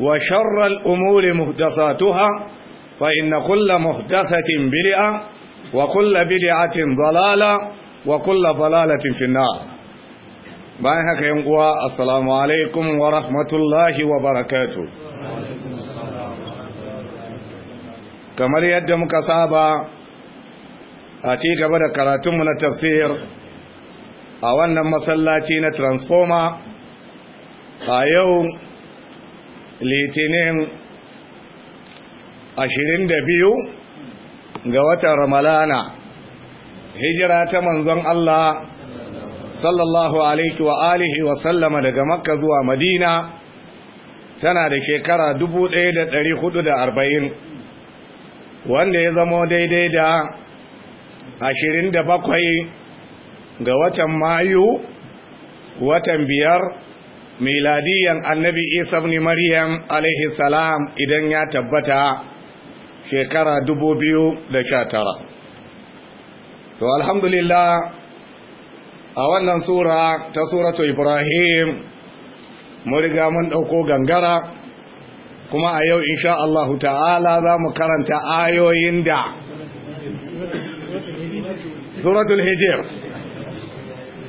وشر الأمور مهدساتها فإن كل مهدسة بدعة وكل بدعة ضلالة وكل ضلالة في النار باين هكا ينقوى السلام عليكم ورحمة الله وبركاته kamar yadda muka saba a ci gaba da karatunmu na tafsir a wannan masallaci na transformer a yau litinin biyu ga watan ramalana hijira ta manzon Allah sallallahu alaihi wa alihi wa sallama daga makka zuwa madina tana da shekara 1440 wanda ya zamo daidai da 27 ga watan mayu watan biyar miladiyan annabi isa ibn maryam alaihi salam idan ya tabbata shekara 2019 to alhamdulillah a wannan sura ta suratu ibrahim mun riga mun dauko gangara kuma a yau insha Allah ta'ala za mu karanta ayoyin da suratul hijr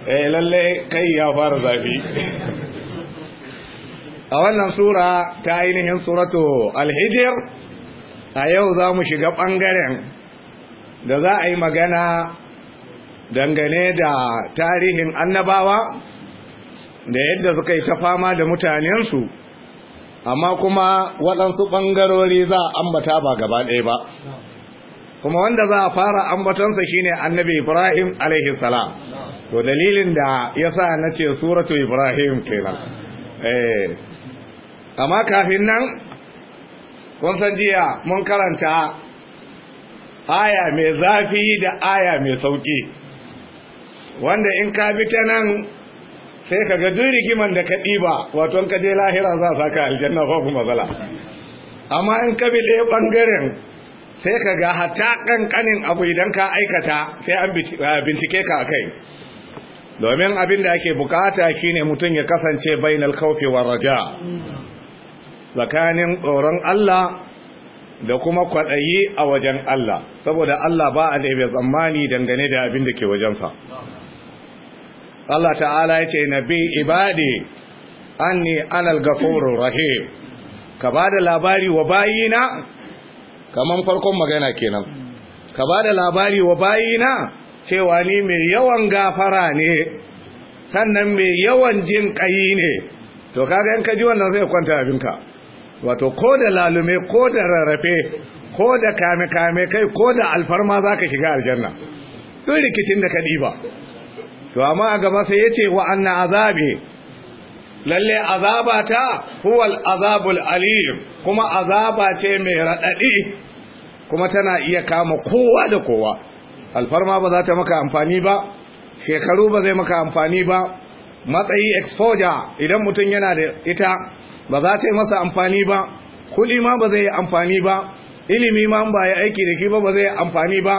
eh lalle kai ya fara zafi a wannan sura ta ainihin suratu alhijir a yau za mu shiga ɓangaren da za a yi magana dangane da tarihin annabawa da yadda suka yi ta fama da mutanensu amma kuma waɗansu ɓangarori za a ambata ba gaba ɗaya ba kuma wanda za a fara shi shine annabi ibrahim alaihi salam to dalilin da ya sa na ce suratu ibrahim kenan eh, amma kafin nan kun san jiya mun karanta aya mai zafi da aya mai sauƙi, wanda in ka bi ta nan sai ka ga duk rigiman da ka ɗiba wato ka je lahira za sa ka aljanna kuma matsala amma in ka bi ɗaya ɓangaren sai ka ga hata ƙanƙanin abu idan ka aikata sai an bincike ka a kai domin abin da ake bukata shine mutum ya kasance bainal khawfi war raja tsakanin tsoron Allah da kuma kwaɗayi a wajen Allah saboda Allah ba a ɗaya tsammani dangane da abin da ke wajensa Allah ta'ala ya ce nabi ibadi anni anal gafuru rahim ka ba da labari wa bayina Kamar farkon magana kenan ka ba da labari wa bayina cewa ni mai yawan gafara ne sannan mai yawan jin ƙayi ne to kaga in ka ji wannan zai kwanta abinka wato ko da lalume ko da rarrafe ko da kame-kame kai ko da alfarma za ka shiga aljanna don rikicin da ka ɗiba to amma a gaba sai ya ce wa'annan azabi lalle azabata huwal azabul alim kuma azaba ce mai raɗaɗi kuma tana iya kama kowa da kowa alfarma ba za ta maka amfani ba shekaru ba zai maka amfani ba matsayi exposure idan mutum yana da ita ba za ta yi masa amfani ba kuɗi ma ba zai yi amfani ba ilimi ma ba ya aiki da ke ba ba zai yi amfani ba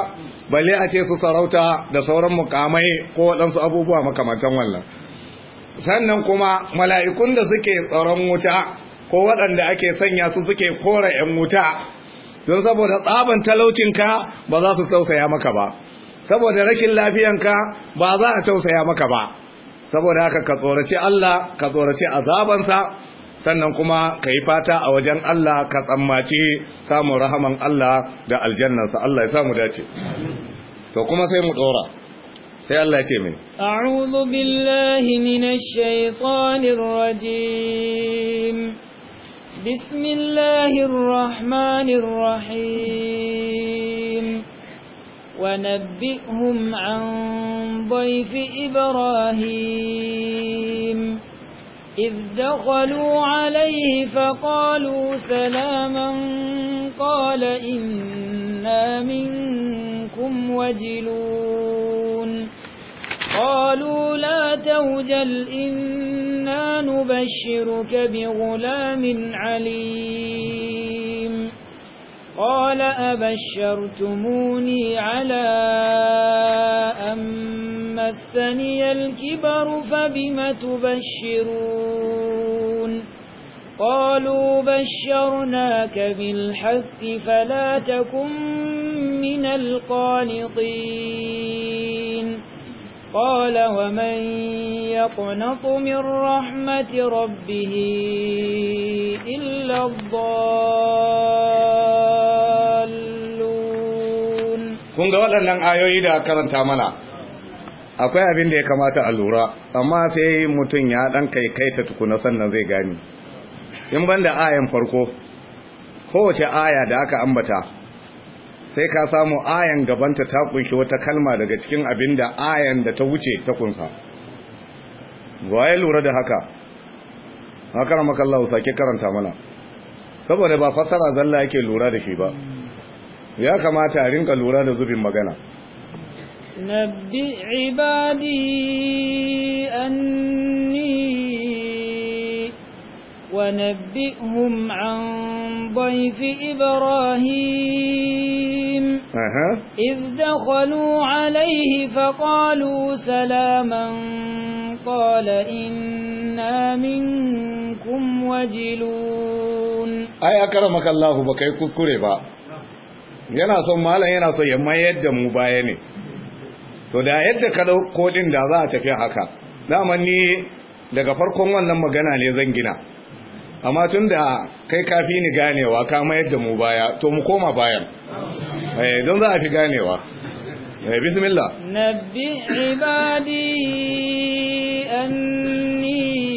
balle a ce su sarauta da sauran mukamai ko waɗansu abubuwa makamantan wannan sannan kuma mala'ikun da suke tsaron wuta ko waɗanda ake sanya su suke kora 'yan wuta don saboda tsaban talaucinka ba za su tausaya maka ba saboda rakin lafiyanka ba za a tausaya maka ba saboda haka ka tsoraci Allah ka tsoraci azabansa sannan kuma ka yi fata a wajen Allah ka tsammaci samun rahaman Allah da aljannarsa Allah ya samu dace to kuma sai mu dora sai Allah ya ce min. a'udhu billahi minash shaitanir rajim bismillahir rahmanir rahim ونبئهم عن ضيف إبراهيم إذ دخلوا عليه فقالوا سلاما قال إنا منكم وجلون قالوا لا توجل إنا نبشرك بغلام عليم قال أبشرتموني على أمر مسني الكبر فبم تبشرون قالوا بشرناك بالحق فلا تكن من القانطين قال ومن يقنط من رحمة ربه إلا الضالون كنت أولا لن آيوه إذا أكرمت أمنا akwai abin da ya kamata a lura amma sai mutum ya dan kai kai ta tukuna sannan zai gani in ban da ayan farko kowace aya da aka ambata sai ka samu ayan gabanta ta kunshi wata kalma daga cikin abin da ayan da ta wuce ta kunsa waye lura da haka haka ramakallahu sake karanta mana saboda ba fasara zalla yake lura da shi ba ya kamata a rinka lura da zubin magana نبئ عبادي أني ونبئهم عن ضيف إبراهيم أه. إذ دخلوا عليه فقالوا سلاما قال إنا منكم وجلون أي أكرمك الله بكي كذكري با yana son malam yana son ya mayar da mu baya ne to da yadda ka dauko din da za a tafi haka dama ni daga farkon wannan magana ne zan gina amma tun da kai kafi ni ganewa ka mayar da mu baya to mu koma bayan eh don za a fi ganewa eh bismillah nabbi ibadi anni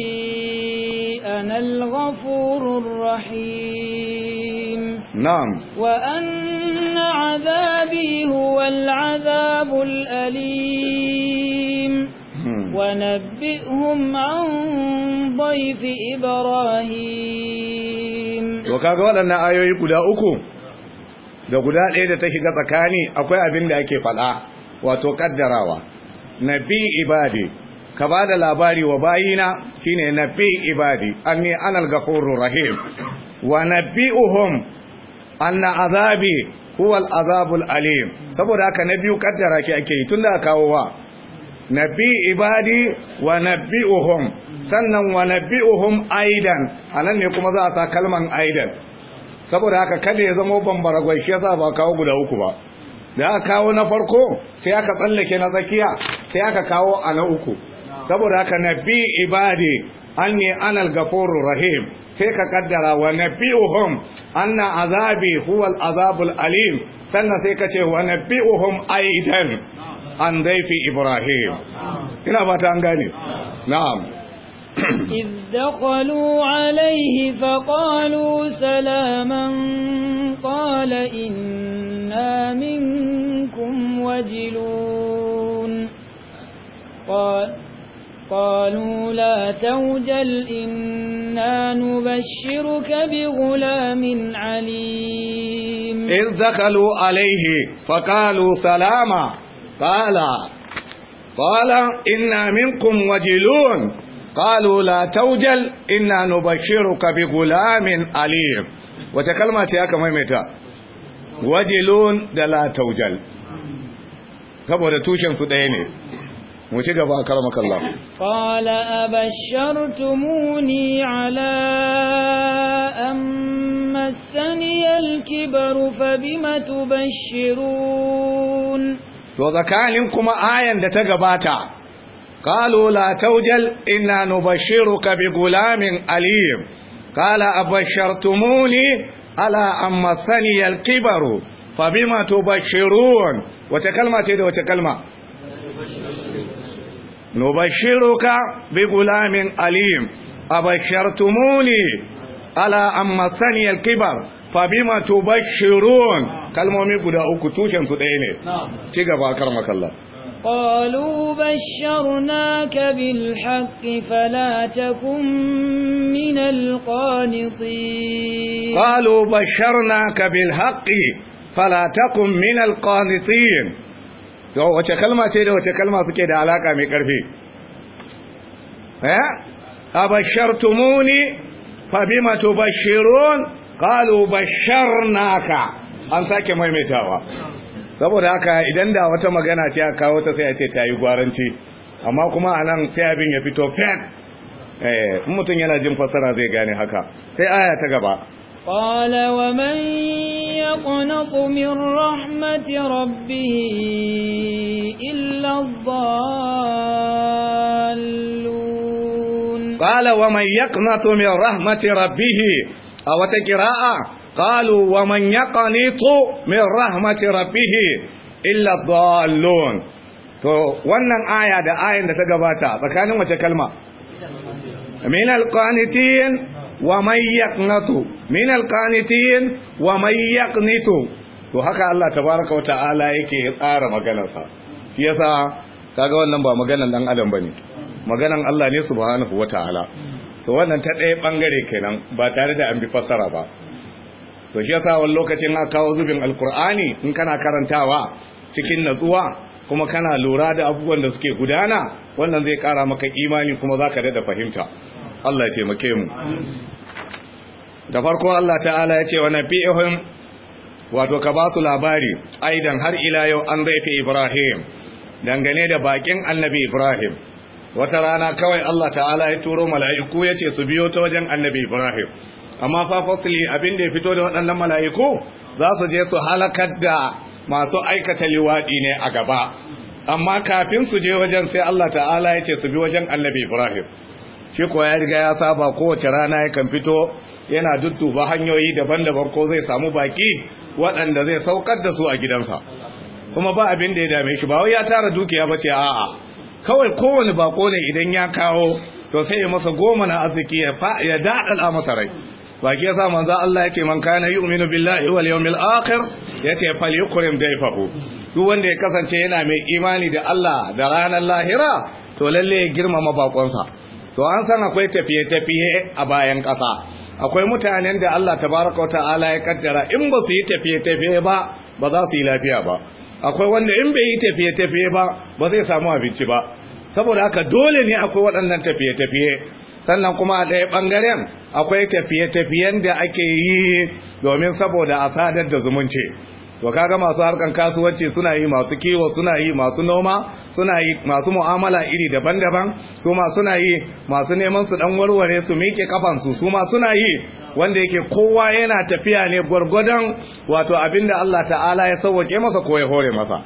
ana al-ghafurur rahim na'am wa anni عذابي هو العذاب الأليم hmm. ونبئهم عن ضيف إبراهيم وكاك ولنا آيوي قدا أكو da guda ɗaya da ta shiga tsakani akwai abin da ake faɗa wato ƙaddarawa Na nabi ibadi ka ba da labari wa bayina shine na nabi ibadi anni anal gafurur rahim wa na nabi'uhum na azabi huwal azabul alim saboda haka na biyu kaddara ke ake yi tunda kawo wa nabi ibadi wa nabi'uhum sannan wa nabi'uhum aidan A nan ne kuma za a sa kalman aidan saboda haka kada ya zama bambara gwai shi yasa ba kawo guda uku ba da aka kawo na farko sai aka tsallake na tsakiya sai aka kawo a na uku saboda haka nabi ibadi ne anal gafurur rahim sai ka kaddara wa nabi'uhum anna azabi huwa al alim sannan sai ka ce wa nabi'uhum aidan an daifi ibrahim ina fata an gane na'am إذ دخلوا عليه فقالوا سلاما قال إنا منكم وجلون قال قالوا لا توجل إنا نبشرك بغلام عليم إذ دخلوا عليه فقالوا سلاما قال قال إنا منكم وجلون قالوا لا توجل إنا نبشرك بغلام عليم وتكلمة يا كما ميتا وجلون دلا توجل saboda tushensu ɗaya ne mu ci gaba akramaka Allah qala abashartumuni ala amma saniyal kibaru fabima bashirun. to tsakanin kuma ayan da ta gabata qalu la tawjal bashiru, nubashiruka bi gulamin alim qala abashartumuni ala amma saniyal kibaru fabima bashirun. Wace kalma ce da wace kalma نبشرك بغلام أليم أبشرتموني على أن مسني الكبر فبما تبشرون كالمؤمن قد أكتوشا سدعيني نعم. تيغا أكرمك الله قالوا بشرناك بالحق فلا تكن من القانطين قالوا بشرناك بالحق فلا تكن من القانطين to wace kalma ce da wace kalma suke da alaka mai karfi eh abashartumuni fa bima tubashirun qalu basharnaka an sake maimaitawa saboda haka idan da wata magana ce aka kawo ta sai a ce ta yi gwaranci amma kuma anan sai abin ya fito fen eh mutum yana jin fasara zai gane haka sai aya ta gaba قال ومن يقنط من رحمة ربه إلا الضالون قال ومن يقنط من رحمة ربه أو تكراء قالوا ومن يقنط من رحمة ربه إلا الضالون to wannan aya da ayan da ta gabata tsakanin wace kalma min alqanitin ومن يقنط من القانتين ومن يقنط to haka Allah tabaraka wata'ala yake tsara maganarsa shi yasa kaga wannan ba maganar dan adam bane maganar Allah ne subhanahu wata'ala to wannan ta ɗaya bangare kenan ba tare da an bi fassara ba to shi yasa wani lokacin aka kawo zubin alkur'ani in kana karantawa cikin natsuwa kuma kana lura da abubuwan da suke gudana wannan zai kara maka imani kuma zaka da fahimta Allah ya taimake mu da farko Allah ta'ala ya ce wa nabihim wato ka basu su labari aidan har ila yau an zaifi Ibrahim dangane da bakin annabi Ibrahim wata rana kawai Allah ta'ala ya turo mala'iku ya ce su biyo ta wajen annabi Ibrahim amma fa fasili abin da ya fito da waɗannan mala'iku za su je su halakar da masu aikata liwaɗi ne a gaba amma kafin su je wajen sai Allah ta'ala ya ce su bi wajen annabi Ibrahim shi kuwa ya riga ya saba kowace rana ya kan fito yana dudduba hanyoyi daban-daban ko zai samu baki waɗanda zai saukar da su a gidansa kuma ba abin da ya dame shi ba wai ya tara dukiya ba ce a'a kawai kowane bako ne idan ya kawo to sai ya masa goma na arziki ya daɗa ya masa rai baki yasa manza Allah yace man kana yu'minu billahi wal yawmil akhir yace falyukrim dayfahu duk wanda ya kasance yana mai imani da Allah da ranar lahira to lalle ya girmama bakonsa to an san akwai tafiye-tafiye a bayan ƙasa akwai mutanen da Allah tabaraka wa ta'ala ya kaddara in ba su yi tafiye-tafiye ba ba za su yi lafiya ba akwai wanda in bai yi tafiye-tafiye ba ba zai samu abinci ba saboda haka dole ne akwai waɗannan tafiye-tafiye sannan kuma a ɗaya ɓangaren akwai tafiye-tafiyen da ake yi domin saboda a sadar da zumunci to kaga masu harkan kasuwanci suna yi masu kiwo suna yi masu noma suna yi masu mu'amala iri daban-daban su ma suna yi masu neman su dan warware su miƙe kafansu su ma suna yi wanda yake kowa yana tafiya ne gwargwadon wato abinda Allah ta'ala ya sauwake masa ko ya hore masa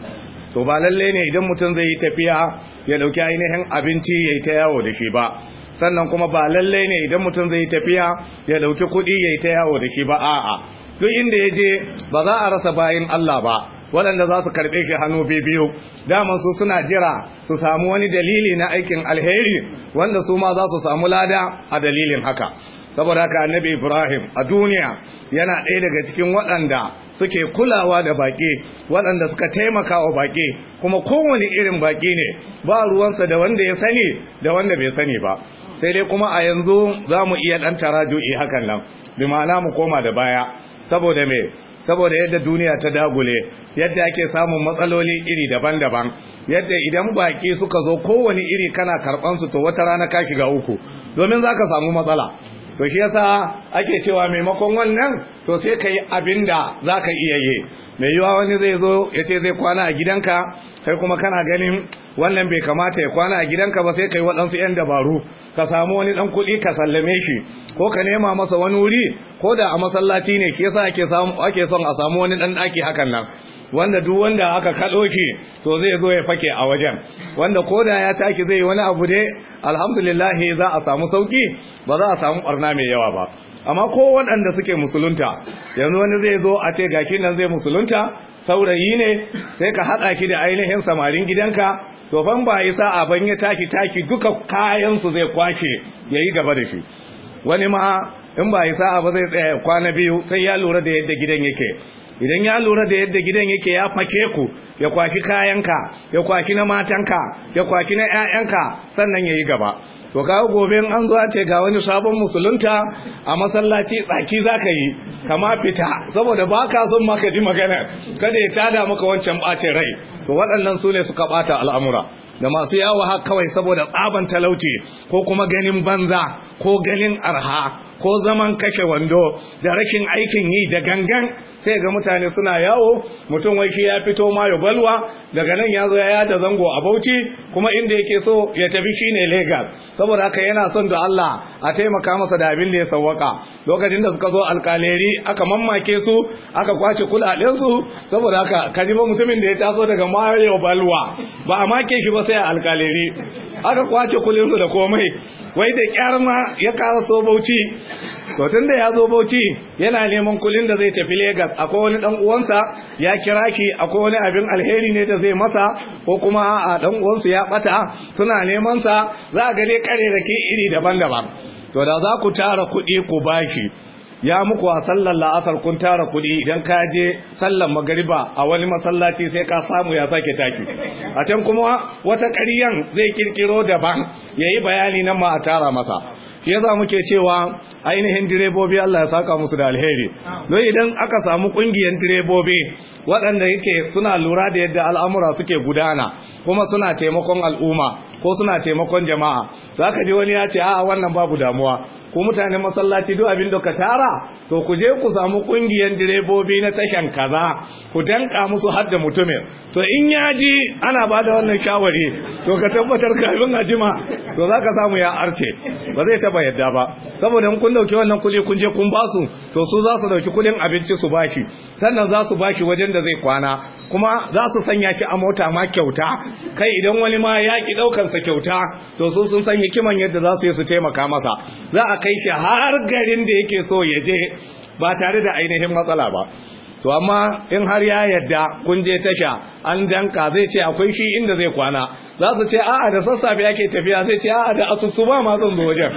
to ba lalle ne idan mutum zai yi tafiya ya dauki ainihin abinci ya yi ta yawo da shi ba sannan kuma ba lalle ne idan mutum zai yi tafiya ya dauki kuɗi ya yi ta yawo da shi ba a'a duk inda ya je ba za a rasa bayan Allah ba waɗanda za su karɓe shi hannu biyu daman su suna jira su samu wani dalili na aikin alheri wanda su ma za su samu lada a dalilin haka saboda haka annabi ibrahim a duniya yana ɗaya daga cikin waɗanda suke kulawa da baƙi waɗanda suka taimaka wa baƙi kuma kowane irin baƙi ne ba ruwansa da wanda ya sani da wanda bai sani ba sai dai kuma a yanzu za mu iya ɗan taraju'i hakan nan bi ma'ana mu koma da baya saboda me saboda yadda duniya ta dagule yadda ake samun matsaloli iri daban-daban yadda idan baki suka zo kowani iri kana karban su to wata rana ka shiga uku domin zaka samu matsala to shi yasa ake cewa maimakon wannan to sai ka yi abin da za ka iya yi mai yiwa wani zai zo ya ce zai kwana a gidanka kai kuma kana ganin wannan bai kamata ya kwana a gidanka ba sai kai waɗansu 'yan dabaru ka samu wani ɗan kuɗi ka sallame shi ko ka nema masa wani wuri ko da a masallaci ne ke yasa ake son a samu wani ɗan ɗaki hakan nan wanda duk wanda aka kaɗo shi to zai zo ya fake a wajen wanda ko da ya taki zai wani abu dai alhamdulillah za a samu sauki ba za a samu barna mai yawa ba amma ko waɗanda suke musulunta yanzu wani zai zo a ce gashi nan zai musulunta saurayi ne sai ka haɗa shi da ainihin samarin gidanka to fan ba yi sa'a ya taki taki duka kayansu su zai kwace yayi gaba da shi wani ma in ba yi sa'a ba zai tsaya kwana biyu sai ya lura da yadda gidan yake idan ya lura da yadda gidan yake ya fake ku ya kwaki kayanka ya kwaki na matanka ya kwaki na 'ya'yanka sannan yayi gaba to ga gobe an zo an ce ga wani sabon musulunta a masallaci tsaki za yi kama fita saboda ba ka son maka ji magana kada ya tada maka wancan bacin rai to waɗannan su ne suka ɓata al'amura da masu yawo haka kawai saboda tsaban talauci ko kuma ganin banza ko ganin arha ko zaman kashe wando da rashin aikin yi da gangan sai ga mutane suna yawo mutum wai shi ya fito ma ya balwa daga nan ya zo ya yada zango a Bauchi kuma inda yake so ya tafi shine Lagos saboda haka yana son da Allah a taimaka masa da abin da ya sawwaka lokacin da suka zo alkaleri aka mammake su aka kwace kuladen su saboda haka kaji ba mutumin da ya taso daga Mayo Balwa ba a make shi ba sai a alkaleri aka kwace kulin su da komai wai da kyar ma ya karaso Bauchi to tun da ya zo bauchi yana neman kulin da zai tafi Legas akwai wani dan uwansa ya kira ki akwai wani abin alheri ne da zai masa ko kuma a dan uwansa ya bata suna neman sa za ga dai kare da ke iri daban-daban to da za ku tara kuɗi ku bashi ya muku a sallar la'asar kun tara kuɗi idan ka je sallar magariba a wani masallaci sai ka samu ya sake taki a can kuma wata ƙaryan zai kirkiro daban ya yi bayani nan ma a tara masa ya za muke cewa ainihin direbobi Allah ya saka musu da alheri don idan aka samu ƙungiyar direbobi waɗanda yake suna lura da yadda al'amura suke gudana kuma suna taimakon al'umma ko suna taimakon jama'a za ka ji wani ya ce a wannan babu damuwa ko mutanen masallaci duk abin da ka tara to ku je ku samu kungiyar direbobi na tashan kaza ku danka musu har da mutumin to in ya ji ana ba da wannan shawari to ka tabbatar kafin a jima to za ka samu ya arce ba zai taba yadda ba saboda in kun dauki wannan kuli kun je kun basu to su za su dauki kudin abinci su bashi sannan za su shi wajen da zai kwana kuma za su sanya shi a mota ma kyauta kai idan wani ma ya ki daukansa kyauta to su sun san hikiman yadda za su yi su taimaka masa za a kai shi har garin da yake so ya je ba tare da ainihin matsala ba to amma in har ya yadda kun je tasha an danka zai ce akwai shi inda zai kwana za su ce a'a da sassafe yake tafiya zai ce a'a da asusu ba ma zan zo wajen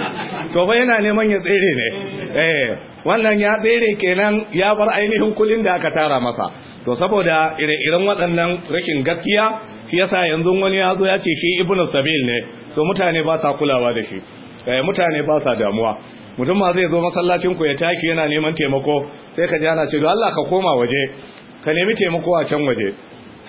to fa yana neman ya tsere ne eh wannan ya tsere kenan ya bar ainihin kulin da aka tara masa to saboda ire-iren waɗannan rashin gaskiya shi yasa yanzu wani ya zo ya ce shi ibnu sabil ne to mutane ba sa kulawa da shi eh, mutane ba sa damuwa mutum ma zai zo masallacin ku ya taki yana neman taimako sai ka ji ana ce Allah ka koma waje ka nemi taimako a can waje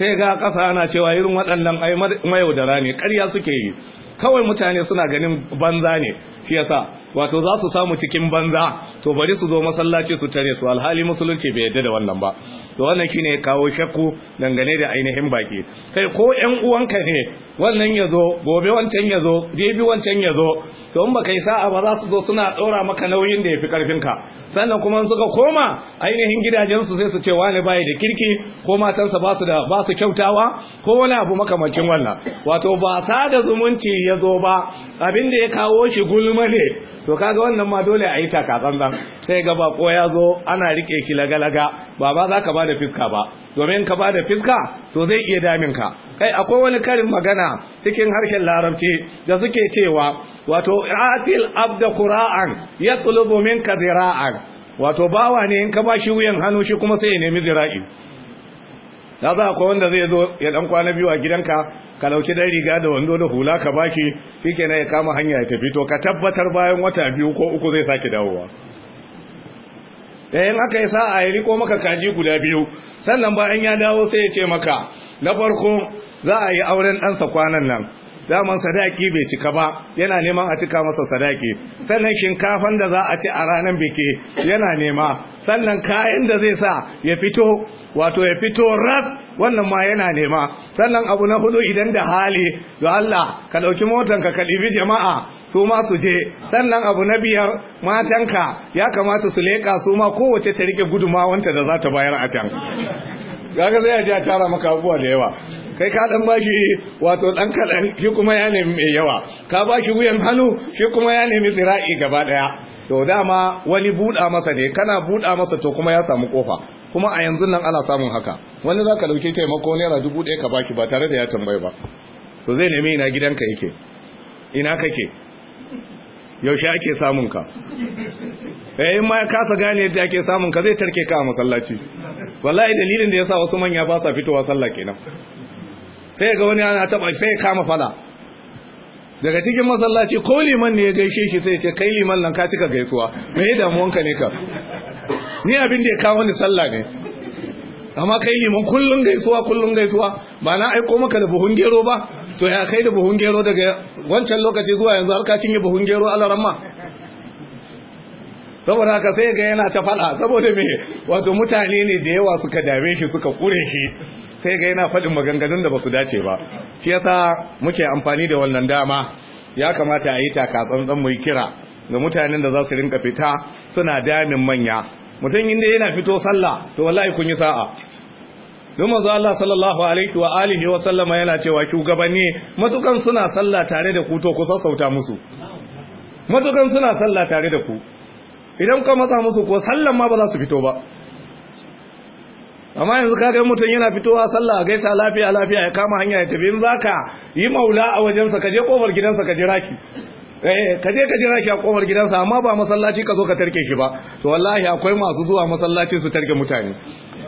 sai ga kasa ana cewa irin waɗannan ai mayaudara ne ƙarya suke yi kawai mutane suna ganin banza ne shi yasa wato za su samu cikin banza to bari su zo masallaci su tare su alhali musulunci bai yadda da wannan ba to wannan shine kawo shakku dangane da ainihin baki kai ko ƴan uwanka ne wannan ya zo gobe wancan ya zo jibi wancan ya zo to in ba kai sa'a ba za su zo suna ɗora maka nauyin da ya fi ƙarfinka sannan kuma suka koma ainihin gidajensu sai su ce wani bai da kirki ko matansa ba su da ba kyautawa ko wani abu makamancin wannan wato ba sa da zumunci ya zo ba abin da ya kawo shi gulma ne to kaga wannan ma dole a yi takatsan sai ga ba ko ya zo ana rike shi lagalaga ba ba za ka ba da fifka ba domin ka ba da fiska to zai iya damin ka kai akwai wani karin magana cikin harshen larabci da suke cewa wato atil abda qura'an yatlubu minka zira'an wato bawa ne in ka ba shi wuyan hannu shi kuma sai ya nemi zira'i da za akwai wanda zai zo ya dan kwana biyu a gidanka ka dauki dan riga da wando da hula ka baki shikenan ya kama hanya ya tafi to ka tabbatar bayan wata biyu ko uku zai sake dawowa Da yin aka yi sa'a ya riko maka kaji guda biyu sannan bayan ya dawo sai ya ce maka na farko za a yi auren ɗansa kwanan nan daman sadaki bai cika ba yana neman a cika masa sadaki sannan shinkafan da za a ci a ranar biki yana nema sannan kayan da zai sa ya fito wato ya fito ras wannan ma yana nema sannan abu na hudu idan da hali ga Allah ka ɗauki motar ka dibi jama'a su ma su je sannan abu na biyar ka ya kamata su leka su ma kowace ta rike gudumawanta da za ta bayar a can kaga zai a tara maka abubuwa da yawa kai ka dan bashi wato dan kadan shi kuma ya nemi mai yawa ka bashi wuyan hannu shi kuma ya nemi tsira'i gaba daya to dama wani buda masa ne kana buda masa to kuma ya samu kofa kuma a yanzu nan ana samun haka wani za ka dauki taimako naira dubu ɗaya ka baki ba tare da ya tambayi ba so zai nemi ina gidanka yake ina kake yaushe ake samun ka eh in ma ya kasa gane yadda ake samun ka zai tarke ka a masallaci wallahi dalilin da yasa wasu manya ba sa fitowa sallah kenan sai ga wani ana taba sai kama fada daga cikin masallaci ko liman ne ya gaishe shi sai ya ce kai liman nan ka cika gaisuwa me damuwan damuwanka ne ka ni abin da ya kawo ni sallah ne amma kai mun kullun gaisuwa kullun gaisuwa ba na aiko maka da buhun gero ba to ya kai da buhun gero daga wancan lokaci zuwa yanzu har ka cinye buhun gero alaramma saboda haka sai ga yana ta fada saboda me wato mutane ne da yawa suka dame shi suka kure shi sai ga yana faɗin maganganun da ba su dace ba shi yasa muke amfani da wannan dama ya kamata a yi taka tsantsan mu kira ga mutanen da za su rinka fita suna damin manya mutum inda yana fito sallah to wallahi kun yi sa'a don manzo Allah sallallahu alaihi wa alihi wa sallama yana cewa shugabanni matukan suna sallah tare da ku to ku sassauta musu matukan suna sallah tare da ku idan ka matsa musu ko sallan ma ba za su fito ba amma yanzu kaga mutum yana fitowa sallah gaisa lafiya lafiya ya kama hanya ya tafi in zaka yi maula a wajensa ka je kofar gidansa ka jira ki Eh, ka je ka jira shi a komar gidansa amma ba masallaci ka zo ka tarke shi ba to wallahi akwai masu zuwa masallaci su tarke mutane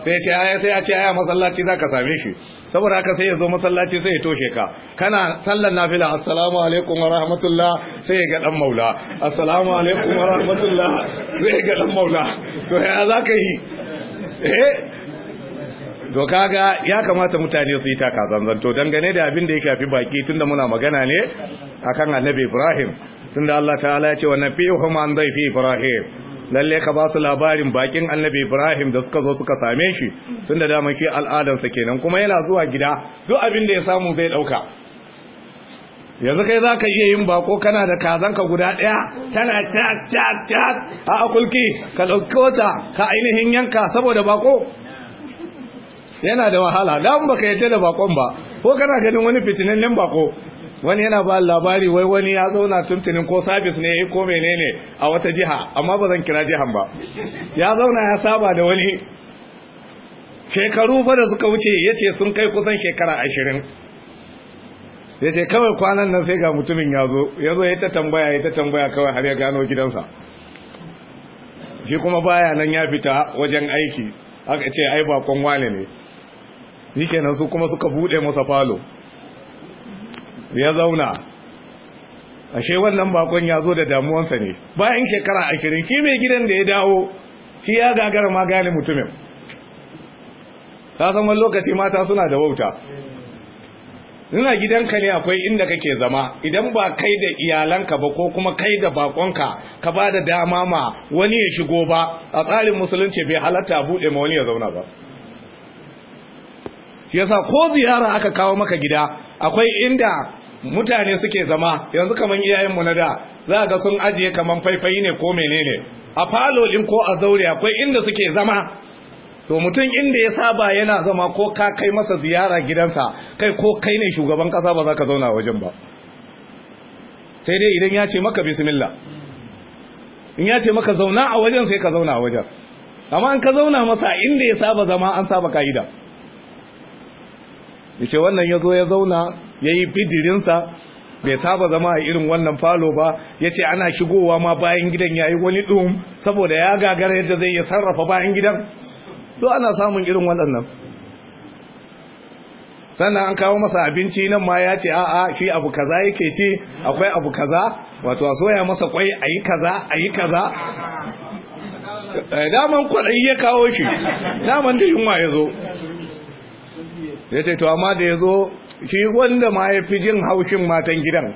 sai ce aya sai a ce aya masallaci ka same shi saboda haka sai ya zo masallaci sai ya toshe ka kana sallar nafila assalamu alaikum wa rahmatullah sai ya ga dan maula assalamu alaikum wa rahmatullah sai ya ga dan maula to ya ka yi eh to kaga ya kamata mutane su yi taka zanzanto to dangane da abin da ya kafi baki tunda muna magana ne akan annabi Ibrahim tunda Allah ta'ala ya ce wa nabiyuhum an fi Ibrahim lalle ka ba su labarin bakin annabi Ibrahim da suka zo suka same shi tunda da shi sa kenan kuma yana zuwa gida duk abin da ya samu zai dauka yanzu kai za ka iya yin bako kana da kazanka guda ɗaya tana cat cat cat a akulki ka ɗauki wata ka ainihin yanka saboda bako yana da wahala da an baka yadda da bakon ba ko kana ganin wani fitinannen bako wani yana ba labari wai wani ya zauna tuntunin ko sabis ne ko menene a wata jiha amma ba zan kira jihan ba ya zauna ya saba da wani shekaru ba da suka wuce yace sun kai kusan shekara ashirin ya ce kawai kwanan nan sai ga mutumin ya zo ya zo ya ta tambaya ya ta tambaya kawai har ya gano gidansa shi kuma baya nan ya fita wajen aiki aka ce ai bakon wane ne kenan su kuma suka bude masa falo ya zauna ashe wannan bakon ya zo da damuwansa ne bayan shekara ashirin shi mai gidan da ya dawo shi ya gagara ma gane mutumin ta saman lokaci mata suna da wauta ina gidanka ne akwai inda kake zama idan ba kai da iyalanka ba ko kuma kai da bakonka ka ba da dama ma wani ya shigo ba a tsarin musulunci bai halatta buɗe ma wani ya zauna ba yasa ko ziyara aka kawo maka gida akwai inda mutane suke zama yanzu kaman iyayenmu na da za ga sun ajiye kaman faifayi ne ko menene a falolin ko a zauri akwai inda suke zama to mutum inda ya saba yana zama ko ka kai masa ziyara gidansa kai ko kai ne shugaban kasa ba za ka zauna wajen ba sai dai idan ya ce maka bismillah in ya ce maka zauna a wajen sai ka zauna a wajen amma in ka zauna masa inda ya saba zama an saba ka'ida ya wannan ya zo ya zauna ya yi bidirinsa bai saba zama a irin wannan falo ba ya ce ana shigowa ma bayan gidan ya yi wani ɗum saboda ya gagara yadda zai ya sarrafa bayan gidan to ana samun irin waɗannan sannan an kawo masa abinci nan ma ya ce a'a shi abu kaza yake ce akwai abu kaza wato a soya masa kwai a yi kaza a yi kaza eh, daman kwaɗayi ya kawo shi daman da yunwa ya zo ya ce to amma da ya zo shi wanda ma ya fi jin haushin matan gidan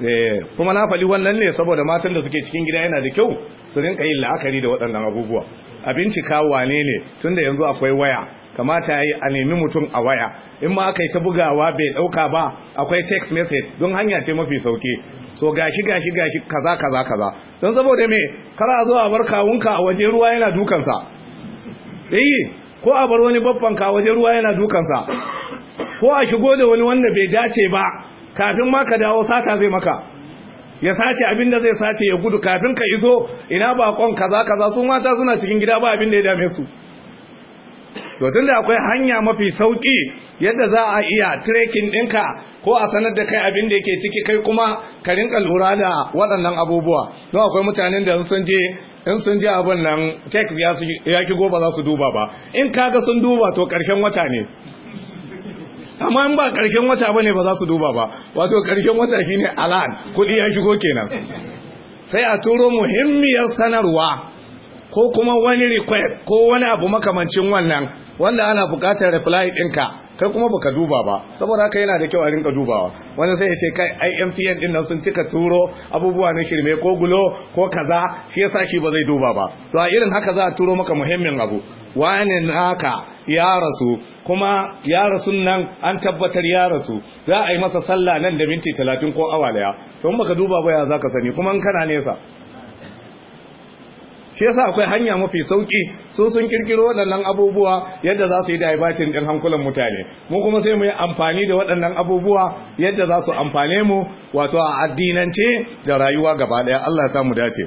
eh, kuma na fali wannan ne saboda matan da suke cikin gida yana da kyau su rinka yin la'akari da waɗannan abubuwa abinci kawane ne tunda yanzu akwai waya kamata ya yi a nemi mutum a waya in ma aka yi ta bugawa bai ɗauka ba akwai text message don hanya ce mafi sauki so gashi gashi gashi kaza kaza kaza don saboda me kara zuwa a bar kawunka a waje ruwa yana dukansa eh ko a bar wani baffanka waje ruwa yana dukansa ko a shigo da wani wanda bai dace ba kafin ma ka dawo sata zai maka ya sace abin da zai sace ya gudu kafin ka iso ina bakon kaza kaza su mata suna cikin gida ba abin da ya dame su to da akwai hanya mafi sauki yadda za a iya trekking ɗinka ko a sanar da kai abin da yake ciki kai kuma ka rinka lura da waɗannan abubuwa don akwai mutanen da sun je in sun ji abin nan tek ya ki goba za su duba ba in kaga sun duba to karshen wata ne amma in ba karshen wata bane ba za su duba ba wato karshen wata shine alan kudi ya shigo kenan sai a turo muhimmiyar sanarwa ko kuma wani request ko wani abu makamancin wannan wanda ana bukatar reply ɗinka kai kuma baka duba ba saboda haka yana da kyau a rinka dubawa wani sai ya ce kai IMTN din nan sun cika turo abubuwa na shirme ko gulo ko kaza shi yasa shi ba zai duba ba to a irin haka za a turo maka muhimmin abu wani naka ya rasu kuma ya rasu nan an tabbatar ya rasu za a yi masa sallah nan da minti talatin ko awa daya to in baka duba ba ya zaka sani kuma in kana nesa shi yasa akwai hanya mafi sauki su sun kirkiro waɗannan abubuwa yadda za su yi daibatin ɗin hankulan mutane mu kuma sai mu yi amfani da waɗannan abubuwa yadda za su amfane mu wato a addinance da rayuwa gaba ɗaya Allah ya samu dace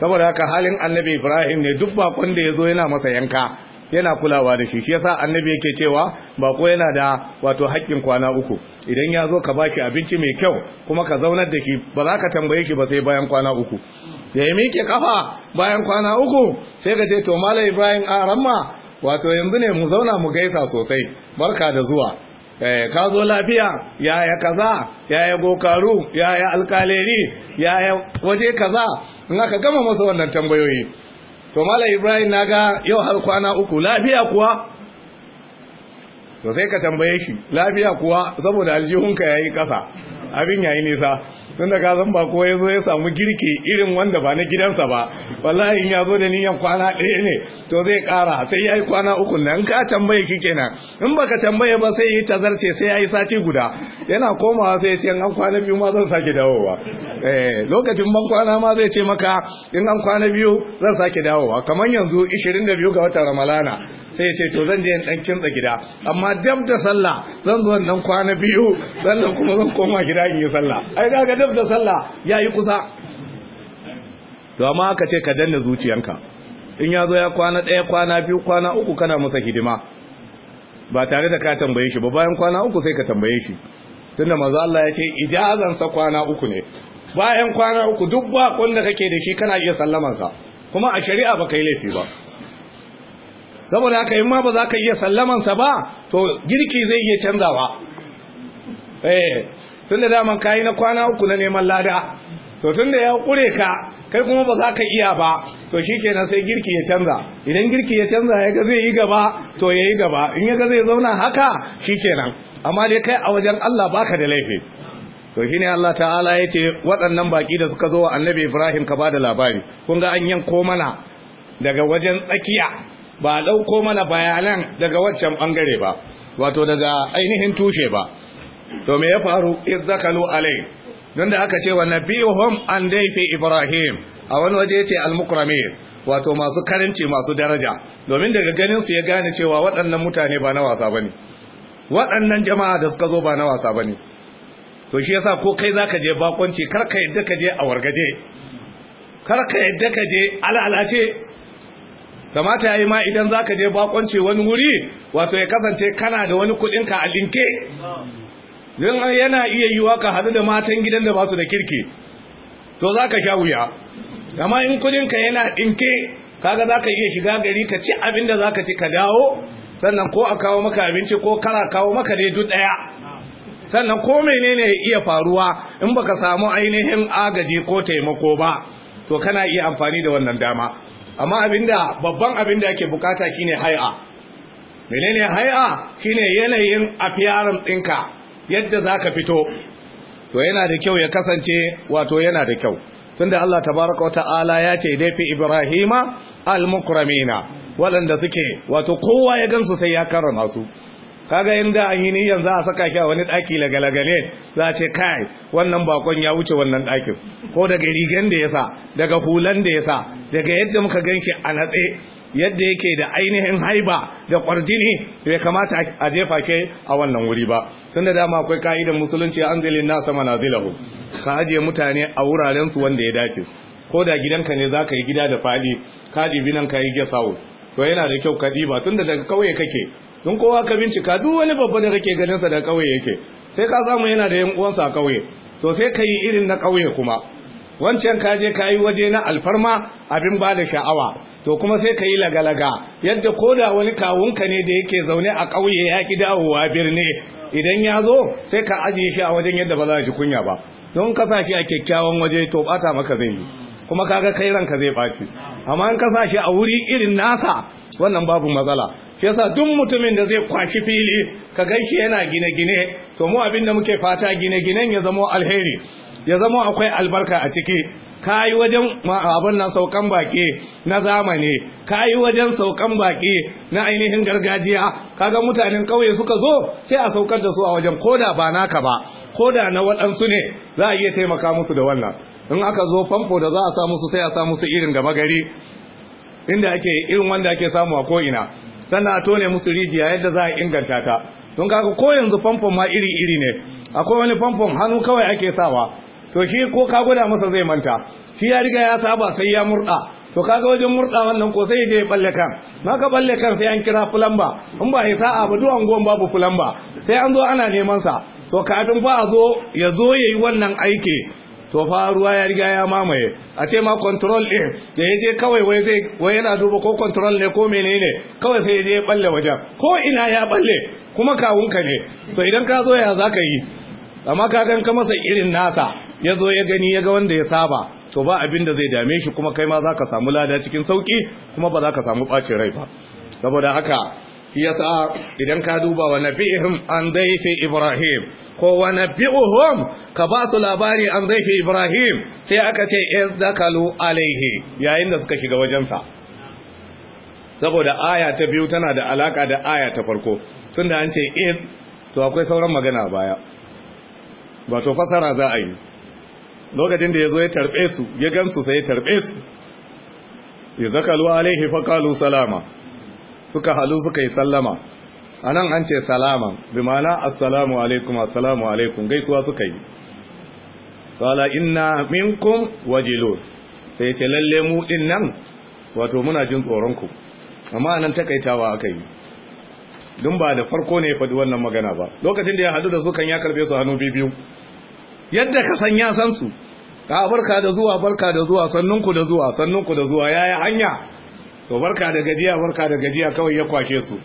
saboda haka halin annabi Ibrahim ne duk bakon da ya zo yana masa yanka yana kulawa da shi shi yasa annabi yake cewa bako yana da wato haƙƙin kwana uku idan ya zo ka baki abinci mai kyau kuma ka zaunar da shi ba za ka tambaye shi ba sai bayan kwana uku da ya miƙe kafa bayan kwana uku sai ka ce to malai ibrahim aramma wato yanzu ne mu zauna mu gaisa sosai barka da zuwa eh, ka zo lafiya yaya kaza yaya gokaru yaya alkaleri yaya waje kaza in aka gama masa wannan tambayoyi to malai ibrahim ga yau har kwana uku lafiya kuwa to sai ka tambaye shi lafiya kuwa saboda aljihunka yayi kasa abin yayi nisa tun da ka ba kowa ya zo ya samu girki irin wanda ba na gidansa ba wallahi in ya zo da niyan kwana ɗaya ne to zai ƙara sai ya yi kwana uku nan ka tambaye ki kenan in baka tambaye ba sai yi tazarce sai ya yi sati guda yana komawa sai ya ce an kwana biyu ma zan sake dawowa eh lokacin ban kwana ma zai ce maka in an kwana biyu zan sake dawowa kamar yanzu 22 ga watan ramalana sai ce to zan je in dan kintsa gida amma dab da sallah zan zo nan kwana biyu sannan kuma zan koma gida in yi sallah ai daga dab da sallah yayi kusa to amma aka ce ka danna zuciyanka in ya zo ya kwana ɗaya kwana biyu kwana uku kana masa hidima ba tare da ka tambaye shi ba bayan kwana uku sai ka tambaye shi tunda manzo Allah ya ce ijazan sa kwana uku ne bayan kwana uku duk ba kun da kake da shi kana iya sallamar sa kuma a shari'a ba kai laifi ba saboda haka in ma ba za ka iya sallaman sa ba to girki zai iya canzawa eh tun da daman kayi na kwana uku na neman lada to tun ya kure ka kai kuma ba za ka iya ba to shi sai girki ya canza idan girki ya canza ya ga zai yi gaba to ya yi gaba in ya ga zai zauna haka shi kenan amma dai kai a wajen Allah baka da laifi to shi ne Allah ta'ala ya ce waɗannan baƙi da suka zo wa annabi Ibrahim ka ba da labari kun ga an yanko mana daga wajen tsakiya ba a ɗauko mana bayanan daga waccan ɓangare ba wato daga ainihin tushe ba to me ya faru kalu alai don da aka ce wa nabiyuhum an daifi ibrahim a wani waje ce al-mukramin wato masu karinci masu daraja domin daga ganin su ya gane cewa waɗannan mutane ba na wasa bane waɗannan jama'a da suka zo ba na wasa bane to shi yasa ko kai zaka je bakonci kar ka yadda ka je a wargaje kar ka yadda ka je alalace kamata yi ma idan za ka je bakonci wani wuri wato ya kasance kana da wani kudin ka a linke don yana iya yiwa ka hadu da matan gidan da basu da kirki to za ka sha wuya amma in kudin ka yana dinke kaga zaka iya shiga gari ka ci abin da za ka ci ka dawo sannan ko a kawo maka abinci ko kara kawo maka dai duk daya sannan ko menene ya iya faruwa in baka samu ainihin agaji ko taimako ba to kana iya amfani da wannan dama amma abinda babban abinda yake bukata shine hai'a menene hai'a shine yanayin afiyarin ɗinka yadda zaka fito to yana da kyau ya kasance wato yana da kyau tunda Allah tabaraka wa ta'ala ya ce dai fi Ibrahima al-mukramina waɗanda suke wato kowa ya gansu sai ya karrama su kaga inda an yi niyan za a saka ki a wani daki lagalagale za a ce kai wannan bakon ya wuce wannan dakin ko daga rigan da yasa daga hulan da yasa daga yadda muka ganki a natse yadda yake da ainihin haiba da kwarjini bai kamata a jefa ke a wannan wuri ba tunda dama akwai ka'idar musulunci na sama na zilahu. ka ajiye mutane a wuraren su wanda ya dace ko da gidanka ne za ka yi gida da fadi ka dibi nan ka yi gesawo to yana da kyau ka ba tunda daga kauye kake don kowa ka bincika duk wani babba da kake ganin sa da kauye yake sai ka samu yana da yan uwansa a kauye to sai ka yi irin na kauye kuma wancan ka je ka yi waje na alfarma abin ba da sha'awa to kuma sai ka yi lagalaga yadda ko da wani kawunka ne da yake zaune a kauye ya ki dawowa birni idan ya zo sai ka ajiye shi a wajen yadda ba za a kunya ba don ka sa shi a kyakkyawan waje to bata maka zai yi kuma kaga kai ranka zai baci amma in ka sa shi a wuri irin nasa wannan babu matsala shi yasa duk mutumin da zai kwashi fili ka gaishe yana gine-gine to mu abin da muke fata gine-ginen ya zama alheri ya zama akwai albarka a ciki kayi wajen abin nan saukan baki na zamani kayi wajen saukan baki na ainihin gargajiya kaga mutanen kauye suka zo sai a saukar da su a wajen koda ba naka ba koda na waɗansu ne za a iya taimaka musu da wannan in aka zo famfo da za a sa musu sai a sa musu irin gaba gari inda ake irin wanda ake samu a ko'ina sannan a tone musu rijiya yadda za a inganta ta don kaga ko yanzu famfon ma iri iri ne akwai wani famfon hannu kawai ake sawa to shi ko ka gwada masa zai manta shi ya riga ya saba sai ya murda to kaga wajen murda wannan ko sai je balle kan ma ka balle kan sai an kira fulamba in ba ya a ba duwan gon babu fulamba sai an zo ana neman sa to kafin ba a zo ya zo yayi wannan aiki to fa ruwa ya riga ya mamaye a ce ma control din da ya je kawai wai zai wai yana duba ko control ne ko menene kawai sai ya je ya balle wajen ko ina ya balle kuma kawunka ne to idan ka zo ya zaka yi amma ka gan ka masa irin nasa ya zo ya gani ya ga wanda ya saba to ba abin da zai dame shi kuma kai ma zaka samu lada cikin sauki kuma ba za ka samu bacin rai ba saboda haka yasa idan ka duba wa nabihim an daifi ibrahim ko wa nabihum ka ba su labari an daifi ibrahim sai aka ce in zakalu alaihi yayin da suka shiga wajensa saboda aya ta biyu tana da alaka da aya ta farko tunda an ce in to akwai sauran magana baya ba to fasara za a yi lokacin da ya zo ya tarbe su ya gansu sai ya tarbe su ya zakalu alaihi faqalu salama suka halu suka yi sallama a nan an ce salama bi ma'ana assalamu alaikum assalamu alaikum gaisuwa suka yi Wala ina minkum wajilun sai ce lalle mu din nan wato muna jin tsoronku. amma nan takaitawa aka yi dun ba da farko ne ya faɗi wannan magana ba lokacin da ya hadu da su kan ya karbe su hannu biyu yadda ka san ya san su ka barka da zuwa barka da zuwa sannunku da zuwa sannunku da zuwa yaya hanya to barka da gajiya barka da gajiya kawai ya kwashe su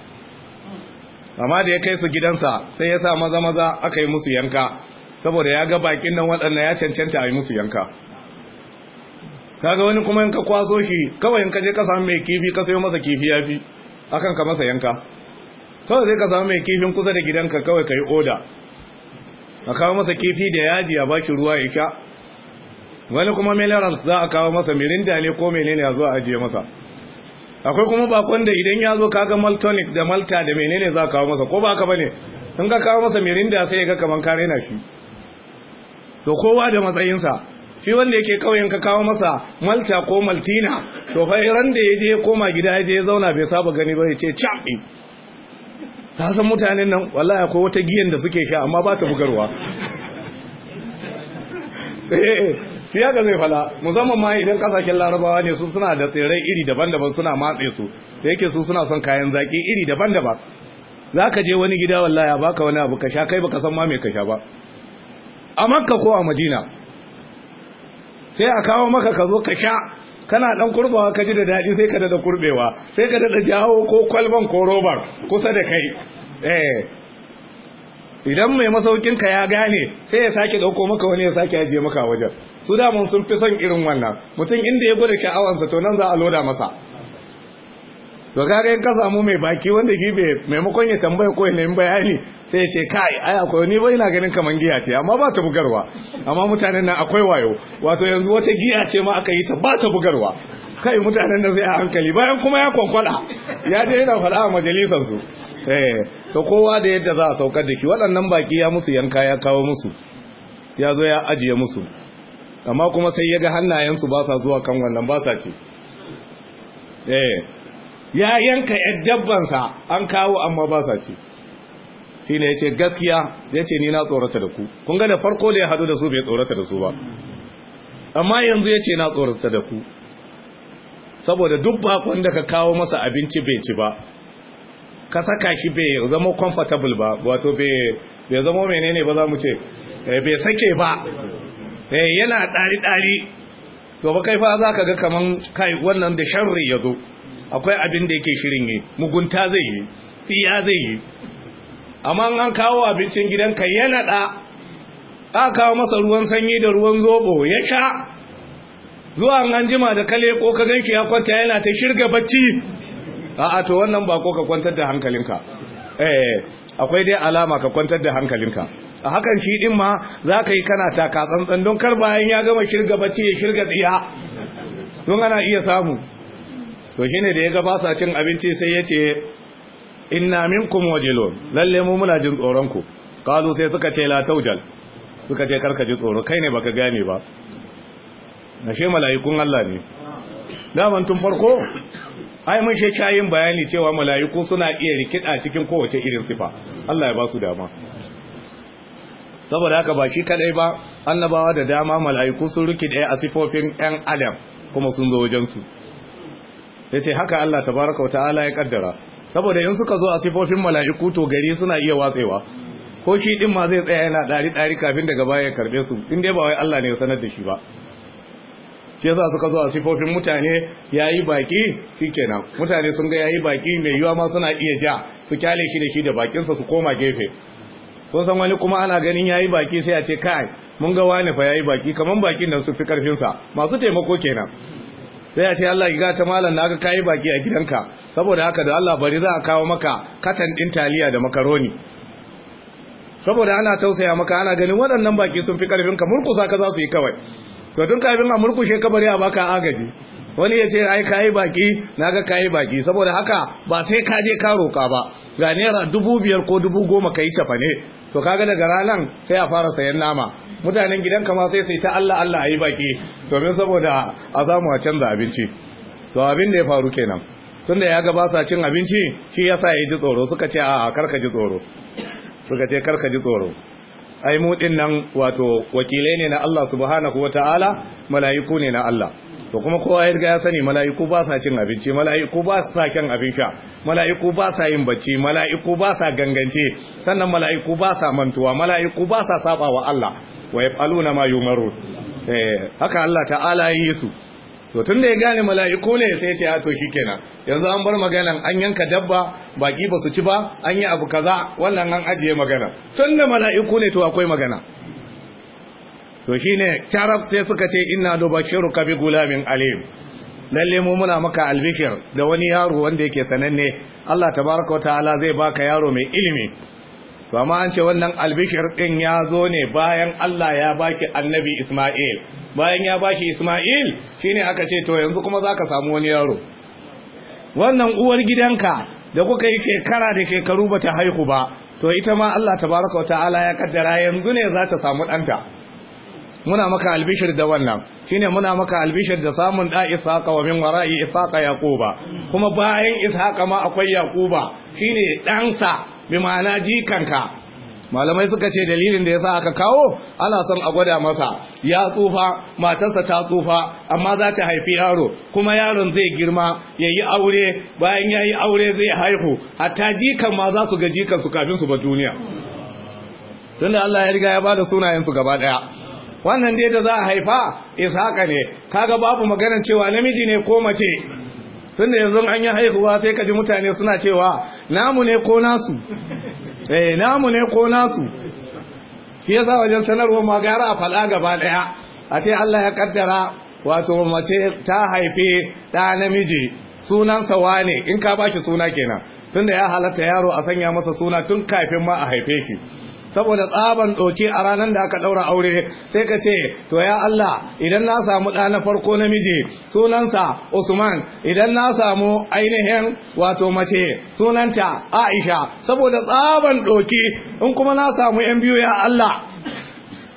amma da ya kai su gidansa sai ya sa maza maza aka yi musu yanka saboda ya ga bakin nan waɗannan ya cancanta a yi musu yanka kaga wani kuma yanka kwaso shi kawai yanka je ka samu mai kifi ka sayo masa kifi ya fi akan ka masa yanka kawai zai ka samu mai kifin kusa da gidanka kawai ka yi oda a kawo masa kifi da yaji a baki ruwa ya sha wani kuma minerals za a kawo masa mirinda ne ko menene a zo a ajiye masa akwai kuma bakon da idan ya zo kaga maltonic da malta da menene za ka kawo masa ko ba bane in ka kawo masa mirinda sai ya ga kaman ka raina shi to kowa da matsayinsa shi wanda yake kauyen ka kawo masa malta ko maltina to fa ran da ya je ya koma gida yaje ya zauna bai saba gani ba yace ce champi ta eh. san mutanen nan wallahi akwai wata giyan da suke sha amma ba ta bugarwa ya eh, ga zai fala musamman ma idan kasashen larabawa ne su suna da tsirrai iri daban-daban suna matse su da yake su suna son kayan zaki iri daban-daban za ka je wani gida wallahi ya baka wani abu ka sha kai baka san ma mai ka sha ba a makka ko a madina sai a kawo maka ka zo ka sha kana dan kurbawa ka ji da daɗi sai ka da kurbewa sai ka da jawo ko kwalban ko robar kusa da kai eh idan mai masaukin ka ya gane sai ya sake dauko maka wani ya sake ajiye maka wajen su da mun sun fi son irin wannan mutum inda ya gwada sha'awansa to nan za a loda masa to kaga in ka samu mai baki wanda shi bai maimakon ya tambaya ko ya nemi bayani sai ya ce kai ai akwai ni bai na ganin kaman giya ce amma ba ta bugarwa amma mutanen nan akwai wayo wato yanzu wata giya ce ma aka yi ta ba ta bugarwa kai mutanen da sai a hankali bayan kuma ya kwankwada ya je yana faɗa a majalisarsu. Eh, to kowa da yadda za a saukar da ki waɗannan baki ya musu yanka ya kawo musu ya zo ya ajiye musu amma kuma sai ya ga hannayensu ba sa zuwa kan wannan ba sa ce eh, ya yanka ya dabbansa an kawo amma ba sa ce shi ne ya ce gaskiya ya ce ni na tsorata da ku kun ga da farko da ya hadu da su bai tsorata da su ba amma yanzu ya ce na tsorata da ku saboda duk bakon da ka kawo masa abinci bai ci ba ka saka shi bai zama comfortable ba wato bai zama menene ba za mu ce eh, bai sake ba eh, yana ɗari-ɗari to ba kai fa za ka ga kaman kai wannan da sharri ya zo akwai abin da yake shirin yi mugunta zai yi siya zai yi amma an kawo abincin gidanka ya naɗa a kawo masa ruwan sanyi da ruwan zobo ya sha zuwa an jima da kale ko ka ganki ya kwanta yana ta shirga bacci a'a to wannan ba ko ka kwantar da hankalinka eh akwai dai alama ka kwantar da hankalinka a hakan shi din ma za ka yi kana taka tsantsan don kar bayan ya gama shirga bacci ya shirga tsiya don ana iya samu to shine da ya ga ba cin abinci sai yace inna minkum wajilun lalle mu muna jin tsoron ku kalu sai suka ce la taujal suka ce karka ji tsoro kai ne baka gane ba ashe mala'ikun Allah ne daman tun farko ai mun shi kayin bayani cewa mala'iku suna iya rikida cikin kowace irin sifa Allah ya ba su dama saboda haka ba shi kadai ba annabawa da dama mala'iku sun rikide a sifofin ɗan adam kuma sun zo wajen su yace haka Allah tabaraka ta'ala ya kaddara saboda in suka zo a sifofin mala'iku to gari suna iya watsewa ko shi din ma zai tsaya yana dari dari kafin daga baya ya karbe su in dai ba wai Allah ne ya sanar da shi ba shi yasa suka zo a sifofin mutane yayi baki shikenan mutane sun ga yayi baki mai yiwa ma suna iya ja su kyale shi da shi da bakin su koma gefe sun san wani kuma ana ganin yayi baki sai a ce kai mun ga wani fa yayi baki kamar bakin nan su fi karfin masu taimako kenan sai a ce Allah ya ta malam na ga yi baki a gidanka saboda haka da Allah bari za a kawo maka katan din taliya da makaroni saboda ana tausaya maka ana ganin waɗannan baki sun fi karfin ka murkusa ka za su yi kawai to dun kafin a murkushe kabari a baka agaji wani ya ce ai kayi baki na ga kayi baki saboda haka ba sai ka je ka roka ba ga naira dubu biyar ko dubu goma ka yi cafa ne to kaga daga ranar sai a fara sayan nama mutanen gidan kama sai sai ta Allah Allah a yi baki domin saboda a zamu a canza abinci to abin da ya faru kenan tun da ya ga ba sa cin abinci shi yasa ya ji tsoro suka ce a karka ji tsoro suka ce karka ji tsoro ai mu nan wato wakilai ne na Allah subhanahu wataala mala'iku ne na Allah to kuma kowa ya riga ya sani mala'iku ba sa cin abinci mala'iku ba sa kan abin sha mala'iku ba sa yin bacci mala'iku ba sa gangance sannan mala'iku ba sa mantuwa mala'iku ba sa sabawa Allah wa yaf'aluna ma yumaru eh haka Allah ta'ala yi su to tun da ya gane mala'iku ne sai ce ah, to shi kenan yanzu an bar maganan an yanka dabba baki ba su ci ba an yi abu kaza wannan an ajiye magana tun da mala'iku ne to akwai magana to shi ne carab sai suka ce inna ka bi gulamin alim lalle mu muna maka albishir da wani yaro wanda yake sananne Allah tabaraka ta'ala zai baka yaro mai ilimi to amma an ce wannan albishir din ya zo ne bayan Allah ya baki annabi Isma'il bayan ya baki Isma'il shine aka ce to yanzu kuma zaka samu wani yaro wannan uwar gidanka da kuka yi shekara da shekaru bata haihu ba to ita ma Allah tabaraka wa ta'ala ya kaddara yanzu ne za ta samu danta. muna maka albishir da wannan shine muna maka albishir da samun da ishaqa wa min wara'i ishaqa yaquba kuma bayan ishaqa ma akwai yaquba shine ɗansa bi ma'ana jikanka malamai suka ce dalilin da ya sa aka kawo ana son a gwada masa ya tsufa matarsa ta tsufa amma za ta haifi yaro kuma yaron zai girma ya yi aure bayan ya yi aure zai haihu hatta jikan ma za su ga jikan su kafin su ba duniya tunda Allah ya riga ya bada sunayensu su gaba daya wannan dai da za a haifa ishaka ne kaga babu maganar cewa namiji ne ko mace tunda yanzu an yi haihuwa sai ka ji mutane suna cewa namu ne ko nasu eh namu ne ko nasu shi yasa wajen sanarwa ma gara a faɗa gaba ɗaya a ce Allah ya kaddara wato mace ta haife ɗa namiji sunan sa wane in ka bashi suna kenan tunda ya halatta yaro a sanya masa suna tun kafin ma a haife shi saboda tsaban ɗoki a ranar da aka ɗaura aure sai ka ce to ya Allah idan na samu ɗa na farko namiji sunansa Usman idan na samu ainihin wato mace sunanta Aisha saboda tsaban ɗoki in kuma na samu ‘yan biyu ya Allah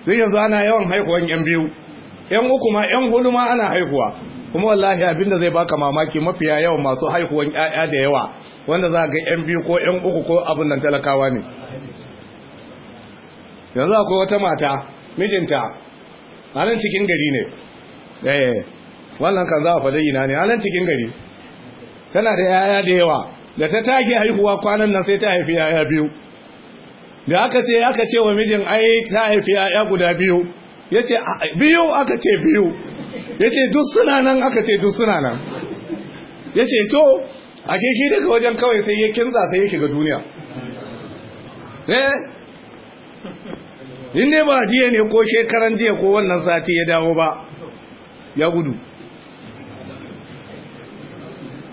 zai yanzu ana yawan haihuwan ‘yan biyu ‘yan uku ma ‘yan hudu ma ana haihuwa kuma wallahi abinda zai baka mamaki mafiya yawan masu haihuwan ƴaƴa da yawa wanda za ga yan biyu ko yan uku ko abin nan talakawa ne yanzu akwai wata mata mijinta halin cikin gari ne eh wannan kan za a faɗi ina ne halin cikin gari tana da yaya da yawa da ta take haihuwa kwanan nan sai ta haifi yaya biyu da aka ce aka ce wa mijin ai ta haifi yaya guda biyu ce biyu aka ce biyu Ya ce duk suna nan aka ce duk suna nan Ya ce to a ke shi daga wajen kawai sai ya kinza sai ya shiga duniya eh in dai ba jiya ne ko shekaran jiya ko wannan sati ya dawo ba ya gudu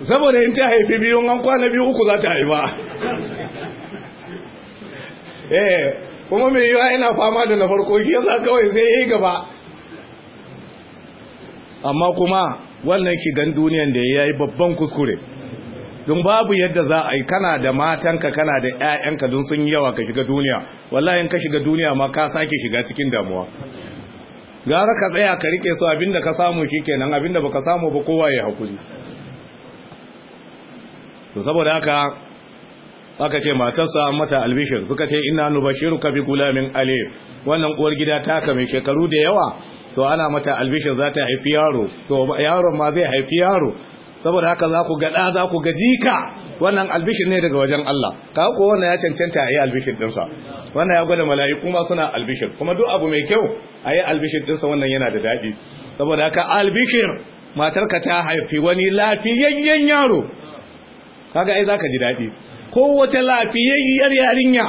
saboda in ta haifi biyun an kwana biyu uku za ta haifa eh kuma mai yiwa yana fama da na farko shi yasa kawai sai yi gaba amma kuma wannan shigan duniyan da ya yi babban kuskure don babu yadda za a yi kana da matanka kana da 'ya'yanka don sun yi yawa ka shiga duniya wallahi ka shiga duniya ma ka sake shiga cikin damuwa gara ka tsaya ka rike su abinda ka samu kenan abinda baka samu ba kowa ya hakuri to saboda haka aka ce matarsa mata albishir suka ce ina nubashiruka bi gulamin Ali. wannan uwar gida ta kame shekaru da yawa to ana mata albishir za ta haifi yaro to yaron ma zai haifi yaro saboda haka za ku gada za ku gajika wannan albishir ne daga wajen Allah ka ku wannan ya cancanta yi albishir dinsa wannan ya gwada mala'iku ma suna albishir kuma duk abu mai kyau ayi albishir dinsa wannan yana da dadi saboda haka albishir matarka ta haifi wani lafiyayyen yaro kaga ai zaka ji dadi ko wata lafiyayyar yarinya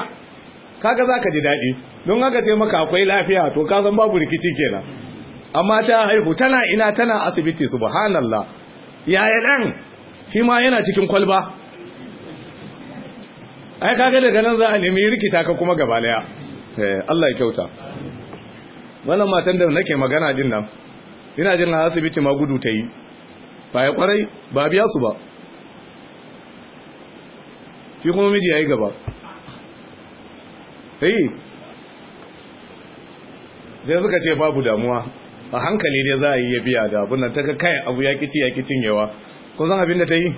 kaga zaka ji dadi don haka sai maka akwai lafiya to ka san babu rikici kenan amma ta haihu tana ina tana asibiti subhanallah yaya ɗan shi ma yana cikin kwalba ai kaga daga nan za a nemi rikita ka kuma gaba daya eh, Allah ya kyauta wannan matan da nake magana din nan ina jin na asibiti ma gudu ta yi ba ya kwarai ba biya su ba fi kuma miji ya yi gaba sai eh. sai suka ce babu damuwa a hankali dai za a yi ya biya da abin nan ta ga kai abu ya kiti ya kicin yawa ko zan abin da ta yi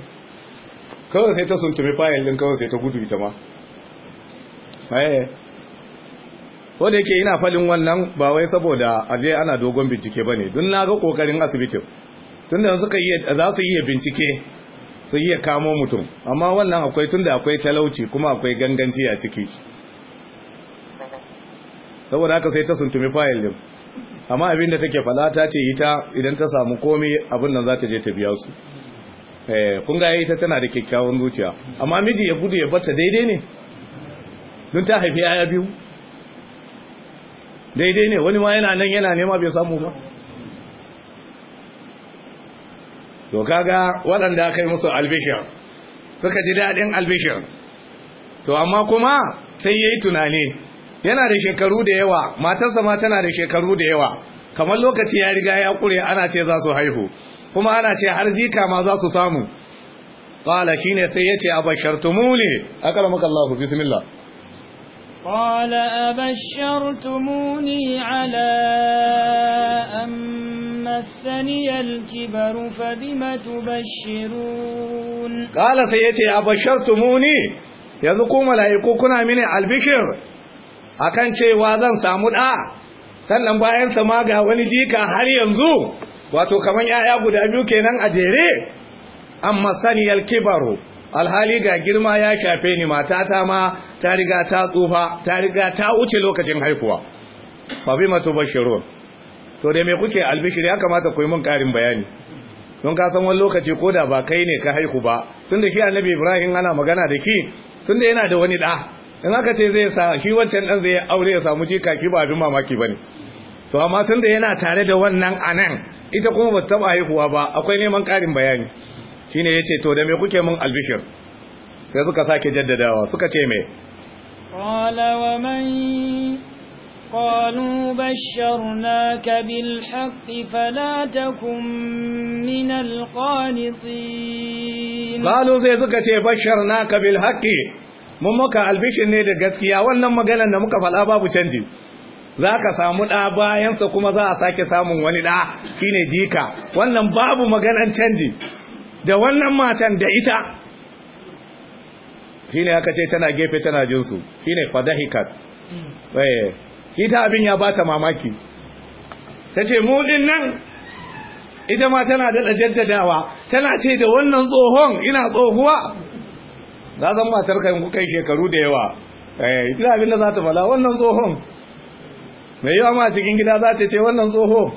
kawai sai ta suntumi fayil din kawai sai ta gudu ita ma eh wanda yake ina falin wannan ba wai saboda aje ana dogon bincike bane dun na ga kokarin asibitin tunda suka yi za su iya bincike su iya kamo mutum amma wannan akwai tunda akwai talauci kuma akwai ganganci a ciki saboda haka sai ta suntumi fayil din amma abin da take ta ce ita idan ta samu komai abin nan za ta je ta biya su eh, kun ga ita tana da kyakkyawan zuciya amma miji ya gudu ya bata daidai ne don ta haifi yaya biyu daidai ne wani ma yana nan yana nema bai samu ba to kaga waɗanda aka yi musu albishir suka ji daɗin albishir to amma kuma sai ya yi tunani yana da shekaru da yawa matarsa ma tana da shekaru da yawa kamar lokaci ya riga ya kure ana ce za su haihu kuma ana ce har jika ma za su samu qala shine sai yace abashartumuni akramaka Allah bismillah قال أبشرتموني على أن مسني الكبر فبم تبشرون قال سيتي Yanzu ku mala'iku kuna mini albishir? akan cewa zan samu ɗa sannan bayansa ma ga wani jika har yanzu wato kamar ‘ya'ya guda biyu kenan a jere amma saniyar kibaru alhali ga girma ya shafe ni matata ma ta riga ta tsufa ta riga ta wuce lokacin haihuwa ba bi masu bashirun to dai mai kuke albishir ya kamata ku yi mun karin bayani don ka san wani lokaci ko da ba kai ne ka haihu ba tun da shi annabi ibrahim ana magana da ki tun yana da wani ɗa in aka ce zai sa shi wancan dan zai aure ya samu jika ki ba abin mamaki bane to amma san da yana tare da wannan anan ita kuma ba taba haihuwa ba akwai neman karin bayani shine yace to da me kuke mun albishir sai suka sake jaddadawa suka ce me qala wa man قالوا بشرناك بالحق takum min al qanitin qalu sai suka ce basharnaka bil haqqi mun maka albishin ne da gaskiya wannan maganar da muka faɗa babu canji za ka samu ɗa bayansa kuma za a sake samun wani ɗa shine jika wannan babu maganar canji da wannan matan da ita shine aka ce tana gefe tana jinsu shine fadahikat eh, ita abin ya bata mamaki ta ce mu din nan ita ma tana da jaddadawa tana ce da wannan tsohon ina tsohuwa na san matar ka kuka kai shekaru da yawa eh ita abin da za ta fada wannan tsohon mai yawa ma cikin gida za ta ce wannan tsoho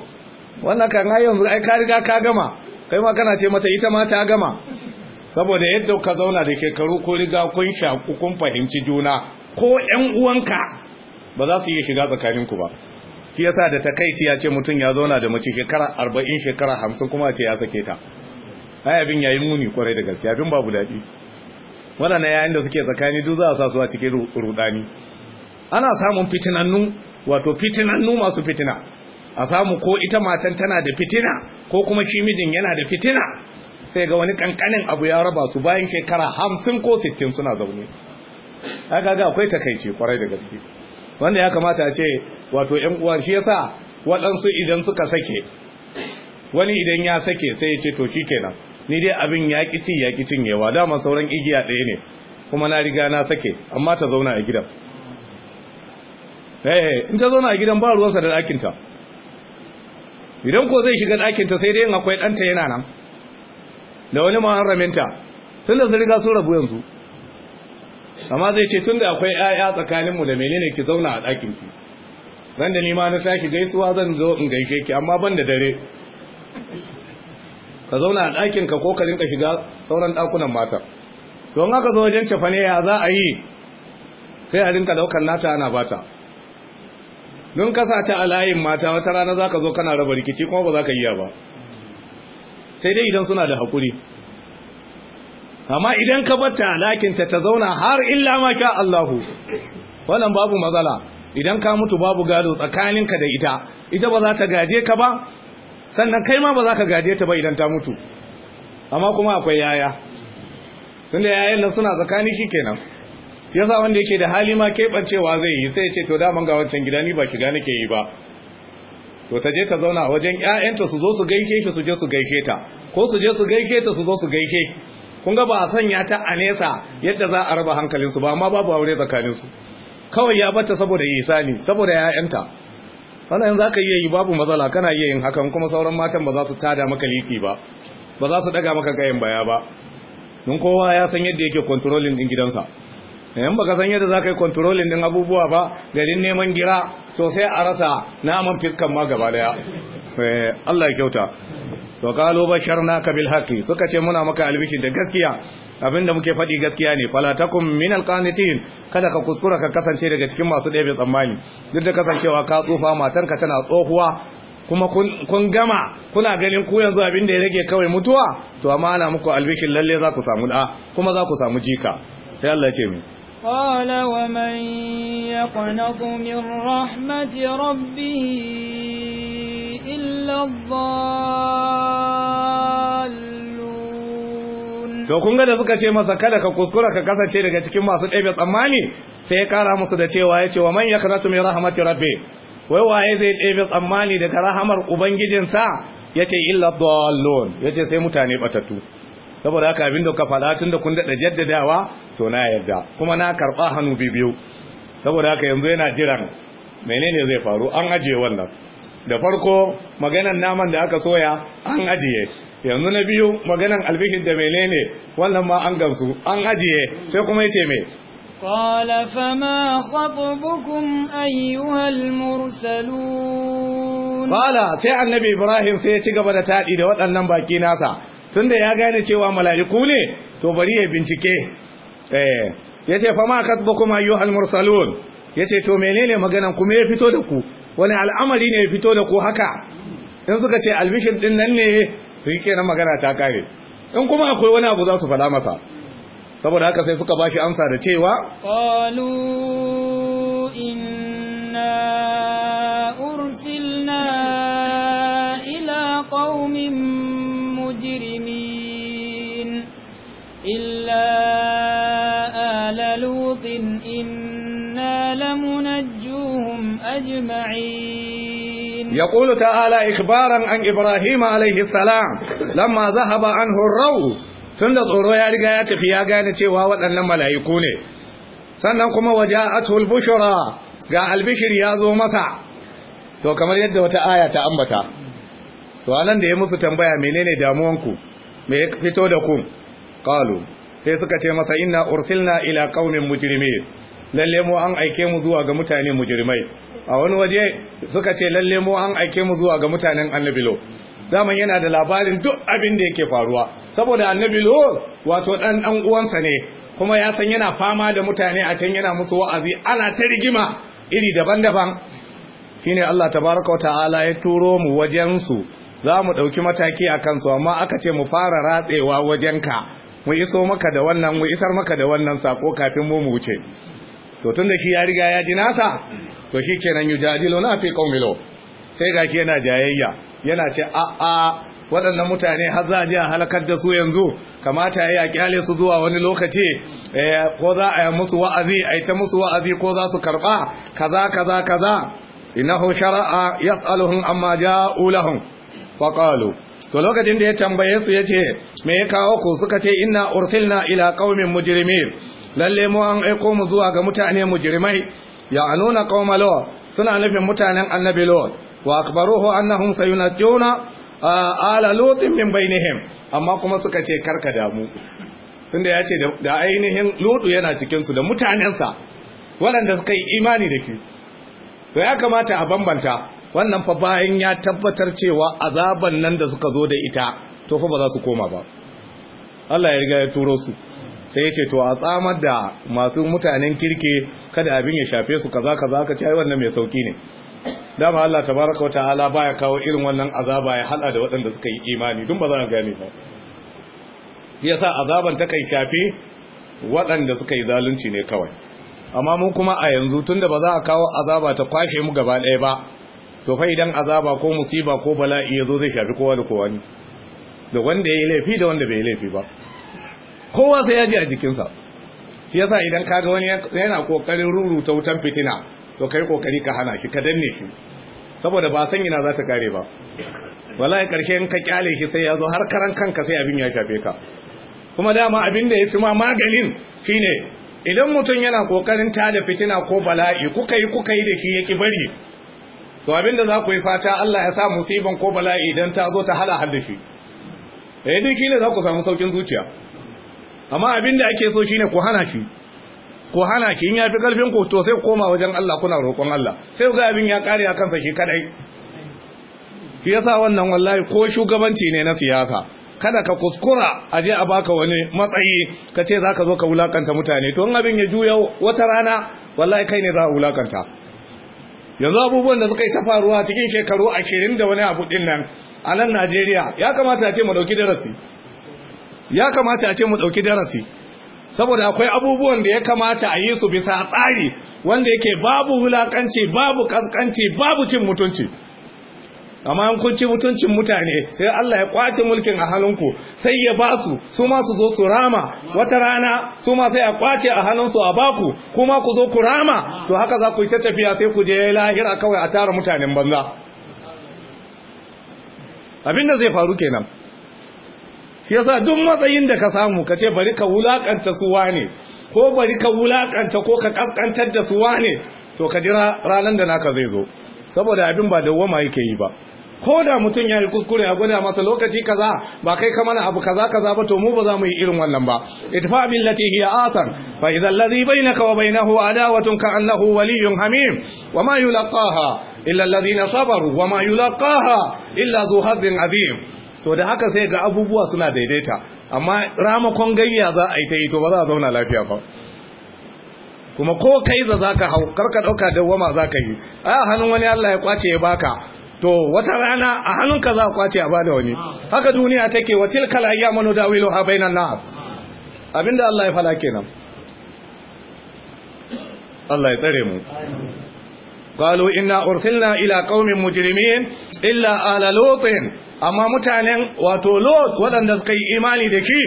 wannan kan ayyan yanzu ai ka riga ka gama kai ma kana ce mata ita ma ta gama saboda yadda ka zauna da shekaru ko riga kun sha kun fahimci juna ko ƴan uwanka ba za su iya shiga tsakaninku ba shi yasa da takaici ya ce mutum ya zauna da mace shekara arba'in shekara hamsin kuma ce ya sake ta ai abin yayi muni kwarai da gaske abin babu daɗi waɗanda yayin da suke tsakani duk za a sa su a cikin rudani ana samun fitinannu wato fitinannu masu fitina a samu ko ita matan tana da fitina ko kuma shi mijin yana da fitina sai ga wani kankanin abu ya raba su bayan shekara hamsin ko sittin suna zaune haka ga akwai takaici kwarai da gaske wanda ya kamata a ce wato yan uwa shi yasa waɗansu idan suka sake wani idan ya sake sai ya ce to shi kenan ni dai abin ya kici ya kicin cinyewa dama sauran igiya ɗaya ne kuma na riga na sake amma ta zauna a gidan eh in ta zauna a gidan ba ruwansa da ɗakinta idan ko zai shiga ɗakinta sai dai in akwai ɗanta yana nan da wani muharraminta tun da sun riga sun rabu yanzu amma zai ce tun da akwai 'ya'ya tsakaninmu da menene ki zauna a ɗakin ki? zan da ni ma na sashi gaisuwa zan zo in gaike ki amma ban da dare ka zauna a ɗakinka ko ka rinka shiga sauran ɗakunan mata To an haka zo wajen cefane ya za a yi sai a rinka ɗaukar nata ana bata don kasa ta a layin mata wata rana za ka zo kana raba rikici kuma ba za ka iya ba sai dai idan suna da haƙuri amma idan ka bata lakinta ta zauna har illa ma ka Allahu wannan babu matsala idan ka mutu babu gado tsakaninka da ita ita ba za ta gaje ka ba sannan kai ma ba za ka gaje ta ba idan ta mutu amma kuma akwai yaya tunda yayan nan suna tsakani ya sa wanda yake da hali ma keɓancewa zai yi sai ce to daman ga wancan gida ni ba shiga ke yi ba to ta je ta zauna wajen ƴaƴanta su zo su gaishe shi su je su gaishe ta ko su je su gaishe ta su zo su gaishe. kun ga ba a sanya ta a nesa yadda za a raba hankalin su ba amma babu aure tsakanin su kawai ya bata saboda ihsani saboda ƴaƴanta wannan za ka iya yi babu matsala kana iya yin hakan kuma sauran matan ba za su tada maka liki ba ba za su daga maka kayan baya ba don kowa ya san yadda yake kontrolin din gidansa yan baka san yadda za ka yi kontrolin din abubuwa ba garin neman gira to sai a rasa naman fiskan ma gaba daya eh, Allah ya kyauta to kalo bashar naka bil haqi suka ce muna maka albishi da gaskiya abinda muke faɗi gaskiya ne fala takum min alqanitin kada ka kuskura ka kasance daga cikin masu ɗebe tsammani duk da kasancewa ka tsufa matarka tana tsohuwa kuma kun gama kuna ganin ku yanzu abin da ya rage kawai mutuwa to amma ana muku albishin lalle za ku samu da kuma za ku samu jika sai Allah ya ce mu قال ومن يقنط من رحمة ربه إلا الضال to kun ga da suka ce masa kada ka kuskura ka kasance daga cikin masu ɗebe tsammani sai ya kara musu da cewa ya ce wa man yakratu min rahmati rabbi wai waye zai ɗebe tsammani daga rahamar ubangijinsa ya ce illa dallon ya ce sai mutane batatu saboda haka abin da ka faɗa tun da kun daɗa jaddadawa to na yarda kuma na karɓa hannu biyu saboda haka yanzu yana jiran menene zai faru an ajiye wannan da farko maganan naman da aka soya an ajiye yanzu na biyu maganan alfihin da ne. wannan ma an gamsu an ajiye sai kuma yace me qala fama ayyuhal sai annabi ibrahim sai ya ci gaba da taɗi da waɗannan baki nasa tunda ya gane cewa mala'iku ne to bari ya bincike eh, Ya ce fama kuma wa almursalon Ya ce to menene maganan kuma ya fito da ku wani al'amari ne ya fito da ku haka in suka ce albishin ɗin nan ne su yi kenan magana ta kare in kuma akwai wani abu za su faɗa masa saboda haka sai suka bashi amsa da cewa qalu inna ursilna ila qaumin mujrimin illa ala lutin inna lamunajjuhum ajma'in يقول تعالى إخبارا عن إبراهيم عليه السلام لما ذهب عنه الرو تند tsoro ya riga ya tafi ya gane cewa waɗannan mala'iku ne sannan kuma waja'atul bushra ga albishir ya zo masa to kamar yadda wata aya ta ambata to anan da ya musu tambaya menene damuwanku me ya fito da ku qalu sai suka ce masa inna ursilna ila qaumin mujrimin lalle mu an aike mu zuwa ga mutane mujrimai a wani waje suka ce lalle mu an aike mu zuwa ga mutanen annabi lo zaman yana da labarin duk abin da yake faruwa saboda annabi lo wato dan dan uwansa ne kuma ya san yana fama da mutane a can yana musu wa'azi ana ta rigima iri daban-daban shine Allah tabaraka wa ta'ala ya turo mu wajen su za mu ɗauki mataki akan kansu amma aka ce mu fara ratsewa wajenka mu iso maka da wannan mu isar maka da wannan sako kafin mu mu wuce to tun da shi ya riga ya ji nasa to shi kenan yi jadilo na fi ƙaumilo sai ga shi yana jayayya yana ce a a waɗannan mutane har za a ji a halakar da su yanzu kamata ya yi a kyale su zuwa wani lokaci eh, ko za a yi musu wa'azi a yi ta musu wa'azi ko za su karɓa kaza kaza kaza innahu shara'a yas'aluhum amma ja'u lahum faqalu to lokacin da ya tambaye su yace me ya kawo ku suka ce inna ursilna ila qaumin mujrimin lalle mu an aiko mu zuwa ga mutane mujrimai ya anuna qauma law suna nufin mutanen annabi law wa akbaruhu annahum sayunajuna ala lutin min bainihim amma kuma suka ce karka damu tunda ya ce da ainihin lutu yana cikin su da mutanensa waɗanda suka yi imani da shi to ya kamata a bambanta wannan fa bayan ya tabbatar cewa azaban nan da suka zo da ita to fa ba za su koma ba Allah ya riga ya turo su sai ya ce to a tsamar da masu mutanen kirke kada abin ya shafe su kaza kaza ka ce wannan mai sauki ne dama Allah tabaraka wa ta'ala baya kawo irin wannan azaba ya hada da waɗanda suka yi imani dun ba za ka gane ba yasa azaban ta kai shafe waɗanda suka yi zalunci ne kawai amma mu kuma a yanzu tunda ba za a kawo azaba ta kwashe mu gaba ɗaya ba to fa idan azaba ko musiba ko bala'i ya zo zai shafi kowa da kowa ne da wanda ya yi laifi da wanda bai yi laifi ba kowa sai ya ji a jikinsa shi ya sa idan kaga wani yana kokarin ruruta wutan fitina to kai kokari ka hana shi ka danne shi saboda ba san ina za ta kare ba wallahi karshe in ka kyale shi sai ya zo har karan kanka sai abin ya shafe ka kuma dama abin da ya fi ma maganin shine idan mutum yana kokarin tada fitina ko bala'i kuka yi kuka yi da shi ya ki bari to abin da za ku yi fata Allah ya sa musiban ko bala'i idan ta zo ta hada haddashi eh dai shine za ku samu saukin zuciya amma abin da ake so shine ku hana shi ku hana shi in ya fi karfin ku to sai ku koma wajen Allah kuna roƙon Allah sai ga abin ya kare a kansa shi kadai shi yasa wannan wallahi ko shugabanci ne na siyasa kada ka kuskura a je a baka wani matsayi ka ce zaka zo ka wulakanta mutane to in abin ya juya wata rana wallahi kai ne za a wulakanta yanzu abubuwan da suka yi ta faruwa cikin shekaru ashirin da wani abu din nan a nan Najeriya ya kamata a ce mu dauki darasi ya kamata a ce mu ɗauki darasi saboda akwai abubuwan da ya kamata a yi su bisa tsari wanda yake babu wulakanci babu kaskanci babu cin mutunci amma in kunci mutuncin mutane sai Allah ya kwace mulkin a hannunku sai ya basu su su ma su zo su rama wata rana su ma sai a kwace a hannunsu a baku kuma ku zo ku rama to haka za ku yi ta tafiya sai ku je lahira kawai a tara mutanen banza Abin da zai faru kenan shi yasa duk matsayin da ka samu ka ce bari ka wulakanta su wane ko bari ka wulakanta ko ka kaskantar da su wane to ka jira ranar da naka zai zo saboda abin ba da dawwama yake yi ba ko da mutum ya yi kuskure a gwada masa lokaci kaza ba kai ka mana abu kaza kaza ba to mu ba za mu yi irin wannan ba itfa bil lati hiya asan fa idza alladhi bainaka wa bainahu adawatun ka annahu waliyyun hamim wa ma yulaqaha illa alladhina sabaru wa ma yulaqaha illa dhu hadhin azim to da haka sai ga abubuwa suna daidaita amma ramakon gayya za a yi ta yi to ba za a zauna lafiya ba kuma ko kai za za ka hau karka ɗauka wama za ka yi a hannun wani allah ya kwace ya baka to wata rana a hannunka za a kwace a bada wani haka duniya take wa manu da wilo ha bainan na? abinda allah ya fala kenan allah ya tsare mu قالوا إنا أرسلنا إلى قوم مجرمين إلا أهل لوط amma mutanen wato lot waɗanda suka yi imani da shi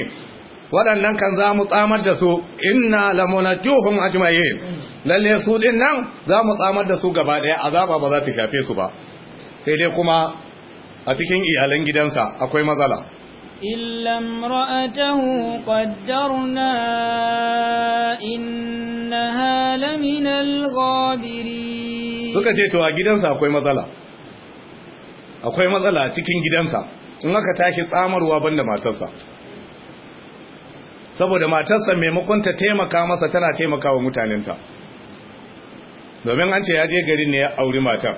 waɗannan kan za mu tsamar da su inna lamunajjuhum ajma'in lalle su din nan za mu tsamar da su gaba ɗaya azaba ba za ta shafe su ba sai dai kuma a cikin iyalan gidansa akwai matsala illam imra'atahu qaddarna innaha laminal ghabirin suka ce to a gidansa akwai matsala akwai matsala cikin gidansa in aka tashi tsamarwa banda matarsa saboda matarsa maimakon ta taimaka masa tana taimaka wa mutanenta domin an ce ya je garin ne ya auri matar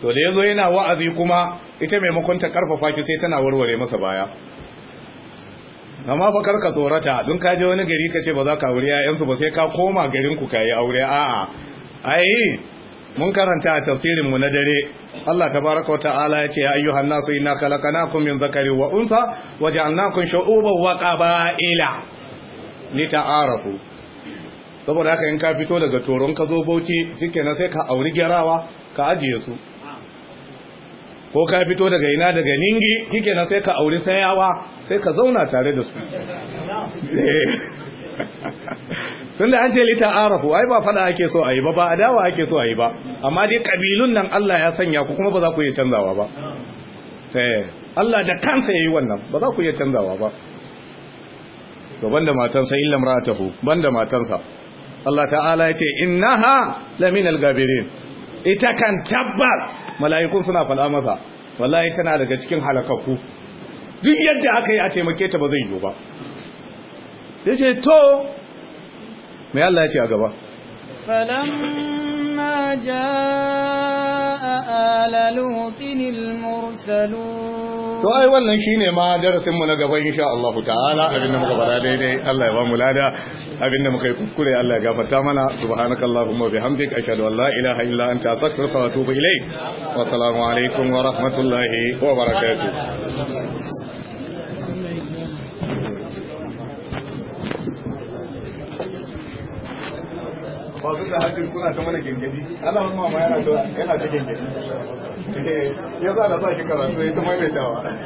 to da ya zo yana wa'azi kuma ita maimakon ta karfafa ki sai tana warware masa baya amma fa karka tsorata don ka je wani gari ka ce ba za ka aure 'ya'yansu ba sai ka koma garin ku ka yi aure a'a ai mun karanta a tafsirin mu na dare Allah tabaraka ta'ala ya ce ya ayyuhan nasu inna khalaqnakum min dhakarin wa unsa wa ja'alnakum shu'uban wa qaba'ila lita'arafu saboda haka in ka fito daga toron ka zo bauchi shikenan sai ka auri gyarawa ka ajiye su ko ka fito daga ina daga ningi shikenan sai ka auri sayawa sai ka zauna tare da su da an ce lita arafu ai ba fada ake so ayi ba ba adawa ake so ayi ba amma dai kabilun nan Allah ya sanya ku kuma ba za ku iya canzawa ba eh Allah da kansa yayi wannan ba za ku iya canzawa ba to banda matansa illa imra'atuhu banda matansa Allah ta'ala ya ce min al gabirin ita kan tabbar mala'ikun suna fada masa wallahi tana daga cikin halakaku duk yadda aka yi a taimake ta ba zai yi ba yace to mai Allah ya ce a gaba فلما جاء آل لوط to ai wannan shine ma darasin mu na gaba insha Allah ta'ala abinda muka fara daidai Allah ya ba mu lada abinda muka yi kuskure Allah ya gafarta mana subhanakallahumma bihamdik ashhadu an la ilaha illa anta astaghfiruka wa atubu ilaik wa assalamu alaikum wa rahmatullahi wa barakatuh ba su da hajji kuna ta mana gengedi Ana ma ma yana da yana da gengedi eh, ya za da sa shi karatu ya ta maimaitawa